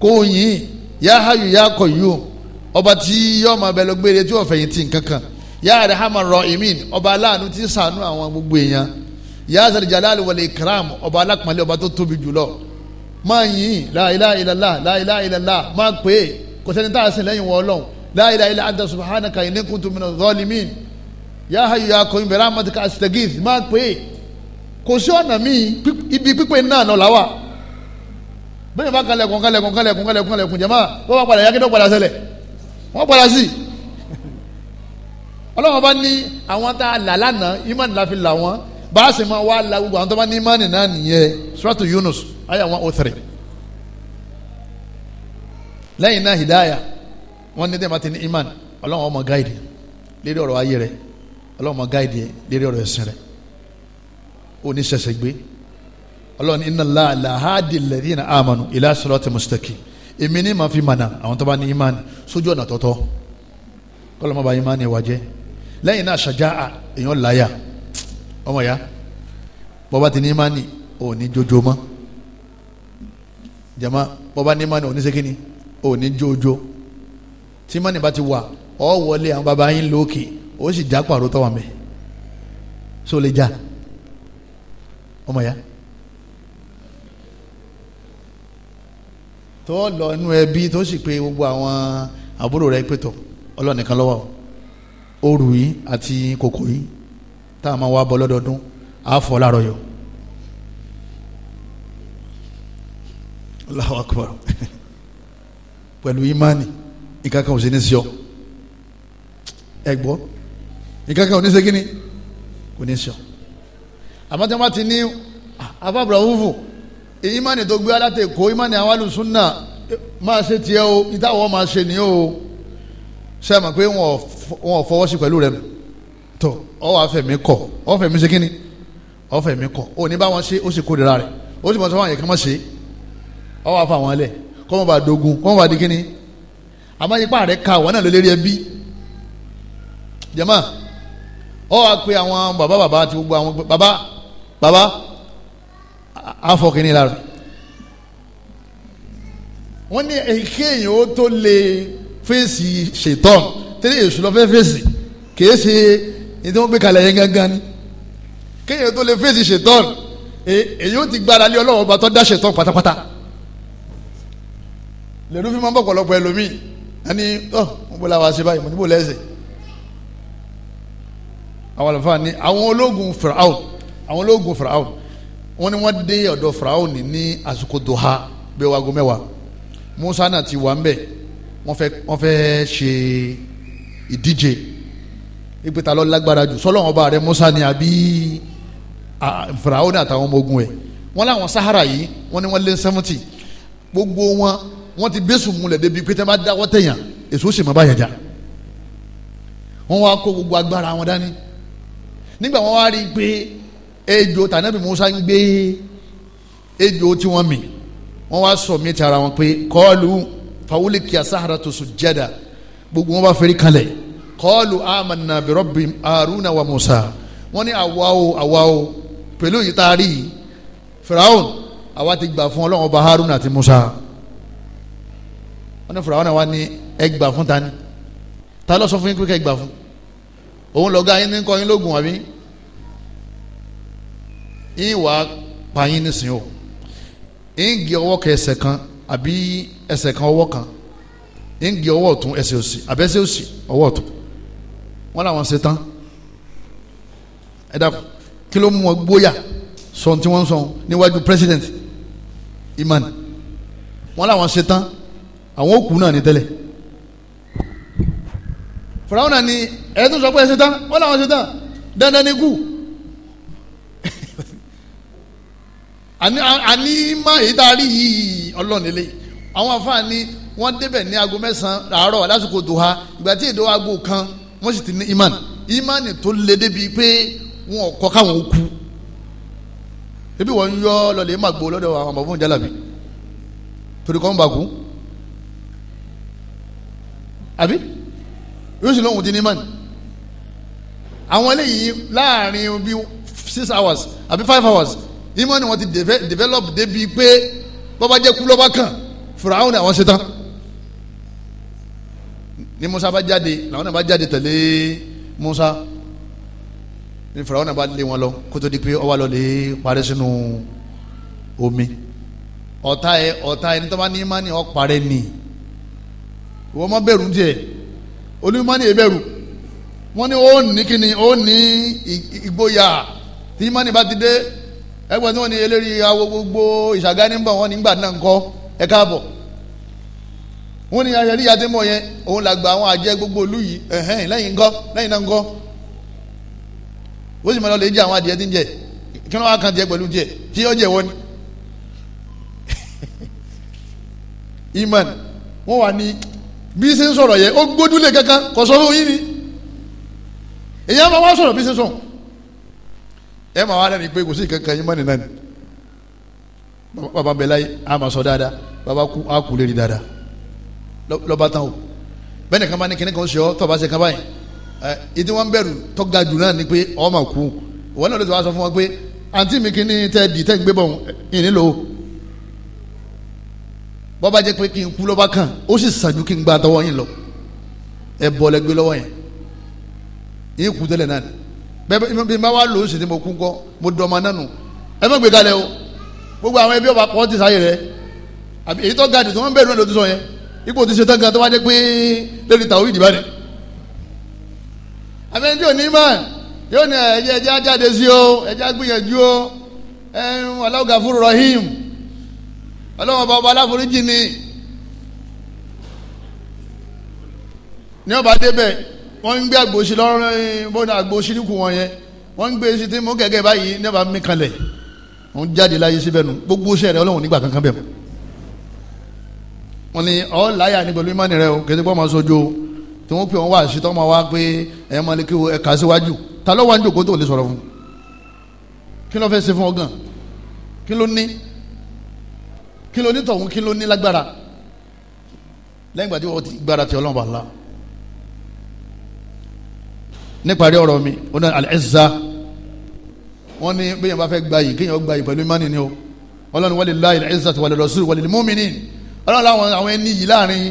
kó o yìn yá hayu yá kọ̀yù ọba tí yọ ọmọ abẹ lọ gbére tí ọ̀fẹ́ yìí ti nǹkan kan yá arahama rọ imin ọba aláàánú ti sànú àwọn gbogbo èèyàn yá zalijalali wal ikram ọba alápọ̀nlé ọba tó tóbi jùlọ máa yìn la ilaha illallah la ilaha illallah máa pè é kò sẹ́ni tá a sìn lẹ́yìn wọ́n lọ́wọ́ la ilaha illa anta subhanaka inni kuntu minaz zalimin yá hayu yá kọ̀yù bi rahmatika astaghith máa pè é kò sí ọ̀nà míì ibi pípé náà lọ́la wà bẹ́ẹ̀ bá kalẹ̀kùn kalẹ̀kùn kalẹ̀kùn kalẹ̀kùn kalẹ̀kùn jama wọ́n bá padà yákẹ́tọ̀ padà sẹlẹ̀ wọ́n padà sí i ọlọ́wọ́n bá ní àwọn tá a là lánàá imán la fi là wọ́n bá a sì máa wá la gbogbo àwọn tó bá ní imán náà nìyẹn suratu Yunus ayé àwọn òtẹ̀rẹ̀ lẹ́yìn náà hidaya wọ́n ní dẹ́ẹ̀ bá ti ní imán ọlọ́wọ́n ọmọ gáìdì lérí ọ̀rọ̀ ayé rẹ̀ ọlọ́wọ́n ọmọ gáìdì lérí ọ̀rọ̀ ẹ̀sìn rẹ̀ òní ọlọ́run inna Allaha la hadi alladhina amanu ila sirati mustaqim èmi ní màá fi mànà àwọn tó bá ní imani sójú ọ̀nà tọ́tọ́ kọ́lọ́mọ́ bá imani wà jẹ́ lẹ́yìn náà ṣàjáà èèyàn láyà ọmọ ya bọ́ba ti ní imani ò ní jojo mọ́ jama bọ́ba ní imani ò ní sekini jojo tí imani bá ti wà ọ wọlé àwọn baba yín lókè ó sì já pàrọ̀ tọ́wọ́ mẹ́ so já ọmọ ya. tó lọ inú ẹbí tó sì pé gbogbo àwọn àbúrò rẹ pẹ̀tọ̀ ọlọ́nìkan lọ́wọ́ òru yìí àti kòkò yìí tá a máa wá bọ́ lọ́dọọdún á fọ́ láàárọ̀ yọ. Allahu akbar pẹ̀lú imani ìkàkà ò sí ní sọ ẹ gbọ́ ìkàkà ò ní ṣe kíni kò ní sọ àmọ́ tí wọ́n ti ní àbábọ̀ ah, ọ̀hún ìmánì tó gbé aláta èkó ìmánì àwọn alùsùnà máa ṣe tiẹ̀ o ìtàwọn máa ṣe ni o ṣe é mọ̀ pé wọn ò fọwọ́ sí pẹ̀lú rẹ tó ọ wà fẹ̀mí kọ̀ ọ fẹ̀mí ṣe kínni ọ fẹ̀mí kọ̀ ò ní bá wọn ṣe ó sì kórìíra rẹ̀ ó sì mọ̀ sọ́wọ́n àyè kan mọ̀ ṣe ọ wà fà wọn kọ́ mọ̀ bá dogun kọ́ mọ̀ bá di kínni àmọ́ ipá ka àwọn náà ló lérí ẹbí jẹ́mọ́ ọ wà àwọn bàbá bàbá àti gbogbo àwọn bàbá bàbá àfọkìnrin lára wọ́n ní èkéyìn ó tó lè fèsì ṣètọ́n tẹ́lẹ̀ èṣù lọ́fẹ́ fèsì kìí ṣe ní tí wọ́n gbé kalẹ̀ yẹn gangan ni kéyìn tó lè fèsì ṣètọ́n èyí ó ti gbára lé ọlọ́wọ́ bá tó dá ṣètọ́n pátápátá lẹ́nu fi máa ń bọ̀ pọ̀lọpọ̀ ẹlòmíì ẹni ọ́ mo bọ́ la wá ṣe báyìí mo ní bò lẹ́sẹ̀ àwọn àlùfáà fìràwọ̀ àwọn ológun fìràwọ̀ wọ́n ní wọ́n dé ọ̀dọ̀ faraoni ní àsìkò doha bíi wago mẹ́wàá musa náà ti wà ń bẹ̀ wọ́n fẹ́ wọ́n fẹ́ ṣe ìdíje ìpè ta ló lágbára jù sọlọ́wọ́n ọba rẹ musa ni àbí faraoni àtàwọn ọmọ ogun ẹ̀ wọ́n láwọn sahara yìí wọ́n ní wọ́n lé sẹ́fúntì gbogbo wọn wọ́n ti bẹ́sùn múlẹ̀ débi pété bá dáwọ́ tẹ̀yàn èso sì máa bá yẹn jà wọ́n wá kó gbogbo agbára wọn dání nígbà wọn wá rí i pé ejò tànàbí Musa ń gbé ejò tí wọ́n mì wọ́n wá sọ mí ti ara wọn pé kọ́ọ̀lù fawuli kìá sahara tó sùn jẹ́dà gbogbo wọn bá fẹ́rí kalẹ̀ kọ́ọ̀lù amanna bi Rabbi Haruna wa Musa wọ́n ní àwa o àwa o pẹ̀lú yìí tá a rí yìí Firaun àwa ti gbà fún Ọlọ́run ọba Haruna àti Musa wọ́n ní Firaun àwa ní ẹ gbà fún tani ta ló sọ fún yín pé ká gbà fún òun lọ́gá yín ní kọ́ yín lóògùn àbí ìwà pààyàn nísìnyí o ìǹgì ọwọ́ kan ẹsẹ̀ kan àbí ẹsẹ̀ kan ọwọ́ kan ìǹgì ọwọ́ ọ̀tún ẹsẹ̀ òsì àbí ẹsẹ̀ òsì ọwọ́ ọ̀tún wọn làwọn ṣe tán ẹ dàpọ̀ kí ló mú wọn gbóyà sọ tí wọ́n sọ níwájú president Iman wọn làwọn ṣe tán àwọn òkú náà ní tẹ́lẹ̀ fúráwọn náà ni ẹ̀ tún sọ pé ẹ ṣe tán wọn làwọn ṣe tán dandan ni kú. àní má èyí tá a rí yìí ọlọ́run ilé àwọn afáàní wọ́n débẹ̀ ní aago mẹ́sàn-án àárọ̀ lásìkò dòha ìgbà tí èdè aago kan wọ́n sì ti ní imán imán tó le débi pé wọn kọ́ káwọn ó kú ebi wọn yọ lọlẹ́ màgbó lọ́dọ̀ àwọn àmọ́ fún jálàbí torí kọ́ ń bàkú àbí yóò sì lóhùn ti ní imán àwọn eléyìí láàrin bíi six hours àbí five hours ìmọ̀ ni wọ́n ti develop débi pé bọ́bá jẹ́ kú lọ́ba kan fìràwọn àwọn ṣe tán ni Musa bá jáde làwọn náà bá jáde tẹ̀lé Musa ni fìràwọn náà bá lé wọn lọ kó tó di pé ọwọ́ lọ lè parẹ́ sínú omi ọ̀tá ẹ ọ̀tá ẹni tó bá ní ìmánì ọ̀ parẹ́ ni wọ́n má bẹ̀rù díẹ̀ onímọ̀ọ́nì ẹ bẹ̀rù wọ́n ní ó ní kíni ó ní ìgboyà tí ìmọ̀ọ́nì bá ti dé ẹgbẹ́ tí wọ́n ní eléri awo gbogbo ìṣàgá ní bọ̀ wọ́n ní gbà náà ń kọ́ ẹ káàbọ̀ wọ́n ní ayẹyẹ yíyá mọ̀ yẹn òun là gba àwọn àjẹ́ gbogbo ìlú yìí ẹ̀hẹ́n lẹ́yìn ńkọ́ lẹ́yìn náà ńkọ́ ó sì mọ̀ lọ́ọ́ lè jẹ́ àwọn adìẹ tí ń jẹ kí wọ́n wá kan tiẹ̀ pẹ̀lú tí jẹ wọ́n ni iman sọ ẹ máa wá lẹ́nu pé kò sí kankan yín mọ́ni náà ni bàbá bẹ̀ láyé a máa sọ dáadáa bàbá kú a kú lérí dáadáa lọ́ba tán o bẹ́ẹ̀ nìkan bá ní kíní kan ṣe ọ́ tọ́ba ṣe kan báyìí ẹ ìdí wọn bẹ̀rù tọ́ga jù náà ni pé ọ́ máa kú wọn náà ló ti wá sọ fún wọn pé àǹtí mi kíní tẹ́ di tẹ́ ń gbé bọ̀ ẹ̀ nílò o bọ́ba jẹ́ pé kí n kú lọ́ba kan ó sì sàjú kí n gba àtọwọ́ yín lọ ẹ bọ́ lẹ́gbẹ́ lọ́wọ́ yẹn yín kú tẹ́lẹ̀ náà ni bẹ́ẹ̀ bí n bá wà lò ó sì ni mo kú kọ́ mo dọ̀ ọmọ náà nù ẹ má gbé kalẹ̀ o gbogbo àwọn ẹbí ọba kọ́ ti sáyé rẹ àbí èyí tó ga jù tí wọ́n ń bẹ̀rù ẹ̀ lójú sọ yẹn ipò ti ṣe tán ga tó wá dé pé lórí tàwí ìdìbò rẹ̀ àbẹ̀ ní òní mọ̀ yóò ní ẹ̀jẹ̀ ẹ̀jẹ̀ ajáde sí o ẹ̀jẹ̀ agbìyànjú o ẹ̀hún aláwùgà fúru rahim ọlọ́wọ́n ọba ọba aláforíjì ni ní ọba débẹ̀ wọ́n ń gbé àgbòsí lọ́rùn eh, bọ́dà àgbòsí níkù wọn yẹn wọ́n ń gbé sí tí mo gẹ́gẹ́ báyìí nípa mi kanlẹ̀ wọ́n jáde láyé síbẹ̀ nu gbogbo sẹ́rẹ̀ ọlọ́run nígbà kankan bẹ̀ wọ́n ní ọ́ láyà ní pẹ̀lú ìmánì rẹ o kẹ́tẹ́ pọ́ máa sojú o tí wọ́n pè wọ́n wá sí tọ́mọ wá pé ẹ̀ máa lè kí ẹ kà síwájú ta ló wá ń jòkó tó lè sọ̀rọ̀ fún kí ló fẹ́ níparí ọ̀rọ̀ mi ó náà al-izza wọ́n ní bí yẹn bá fẹ́ gbayì kéèyàn gbayì pẹ̀lú imáni ni o ọlọ́run wọlé láyé al-izza tó wà lọ́dọ̀ sùúrù wọlé mọ́mìnì ọlọ́run láwọn àwọn ẹni yìí láàrin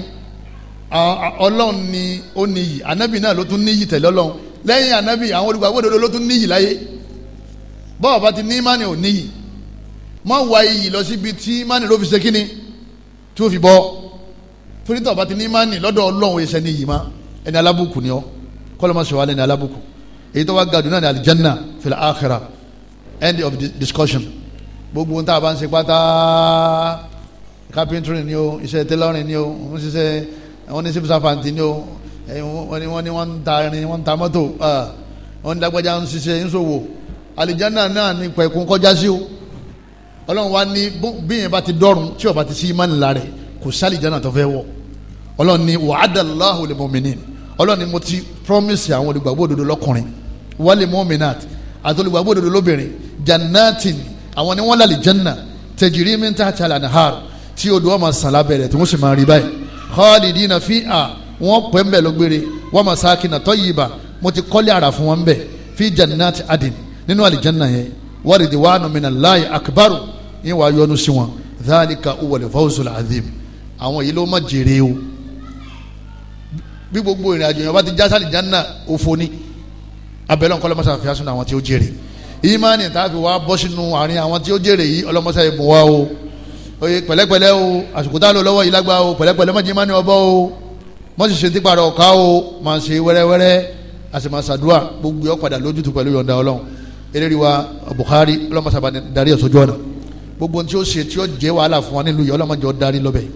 ọlọ́run ni ó níyì anábì náà ló tún níyì tẹ̀lé ọlọ́run lẹ́yìn anábì àwọn olùgbàgbọ́ òdodo ló tún níyì láyé bọ́ọ̀ bá ti ní imáni ò níyì mọ́ wá iyì lọ síbi tí imáni ló fi ṣe kíni tí ó fi bọ́ torítọ̀ bá ti ní imáni lọ́dọ̀ ọlọ́run ẹ̀ṣẹ̀ níyì má ẹni alábùkù ni ọ́ kọlọmọsọ wa lẹni alábùkù èyí tó wá ga dùn náà ní alijanna fil akhirah end of discussion gbogbo ntá a bá ń ṣe pátá carpentry ni o iṣẹ́ tailoring ni o wọ́n ṣiṣẹ́ wọ́n ní civil servant ni o wọ́n ní wọ́n ni wọ́n ń ta irin wọ́n ń ta mọ́tò wọ́n ní dágbájá ń ṣiṣẹ́ ńṣòwò alijanna náà ní pẹ̀kún kọjá sí o ọlọ́run wa ní bíyẹn bá ti dọ́rùn tí o bá ti sí imáni la kò sálì jẹ́ tó fẹ́ wọ̀ ọlọ́run ní wa'ada Allahu mu'minin ọlọ́run ni mo ti promise àwọn olùgbàgbọ́ òdodo lọ́kùnrin wálé mọ́mìnàt àti olùgbàgbọ́ òdodo lóbìnrin jannatin àwọn ni wọ́n lálẹ́ janna tẹ̀jìrì mi ń tà tà lànàhàr tí odò wọn máa sàn lábẹ́rẹ́ tí wọ́n sì máa rí báyìí khalidina fi'a wọ́n pẹ́ ń bẹ̀ lọ́gbére wọ́n masakina tayyiba mo ti kọ́lé ara fún wọn bẹ̀ fi jannati adin nínú àlìjanna yẹn wa ridwanu minallahi akbaru yín wàá yọnu sí wọn dhalika huwal fawzul azim àwọn yìí ló má jèrè o bí gbogbo ìrìn àjò yẹn bá ti já sálì jánà òfo ni abẹ́lẹ́ nǹkan ọlọ́mọṣà fi asúnà àwọn tí ó jèrè ìmánì tààfin wa bọ́ sínú àárín àwọn tí ó jèrè yìí ọlọ́mọṣà yìí bùn wá o oye pẹ̀lẹ́pẹ̀lẹ́ o àsìkò tá a lò lọ́wọ́ yìí lágbá o pẹ̀lẹ́pẹ̀lẹ́ mọ̀jì ìmánì ọbọ̀ o mọ̀sí ṣe ti parọ́ ọ̀ká o máa ṣe wẹ́rẹ́wẹ́rẹ́ àṣemàṣàdúà gbogbo yọ padà lójútu pẹ̀lú yọ̀ǹda ọlọ́run eléyìí wa Buhari ọlọ́mọṣà bá darí ẹ̀ sójú ọ̀nà gbogbo ohun tí ó ṣe tí ó jẹ́ wàhálà fún wa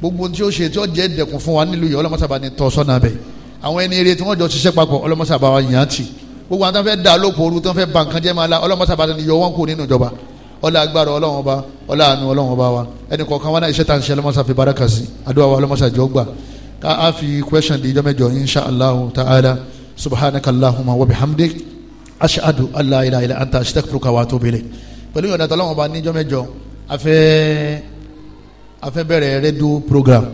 gbogbo tí ó ṣe tí ó jẹ́ dẹ̀kun fún wa nílùú yìí ọlọ́mọsàbà ni tọ́ sọ́nà bẹ̀ àwọn ẹni eré tí wọ́n jọ ṣiṣẹ́ papọ̀ ọlọ́mọsàbà wa yàn án tì gbogbo àwọn tó ń fẹ́ dà lóko ooru tó ń fẹ́ ba nǹkan jẹ́ máa la ọlọ́mọsàbà ni yọ wọn kú nínú ìjọba ọlá agbára ọlọ́run ọba ọlá àánú ọlọ́run ọba wa ẹnì kọ̀ọ̀kan wọn náà iṣẹ́ tá à ń ṣe ọlọ́mọsà fi baraka sí àdúrà wa ọlọ́mọsà jọ gbà ká a fi question di ijọ́ mẹ́jọ insha allah ta'ala subhanaka allahumma wa bihamdik ashadu ilaha anta astaghfiruka wa atubu ilayk pẹ̀lú ìyọ̀dà tọ́lọ́run ọba níjọ́ afẹ́ a fẹ́ bẹ̀rẹ̀ rédíò program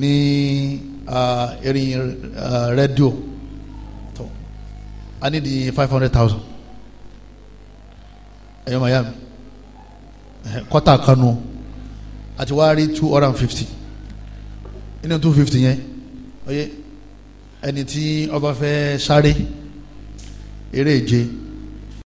ní erin rédíò tó a ní di five hundred thousand ẹ̀yọ́ miami kọ́tà kanu àti wá rí two hundred and fifty inú two fifty yẹn ẹni tí ọba fẹ́ sáré eré ìje.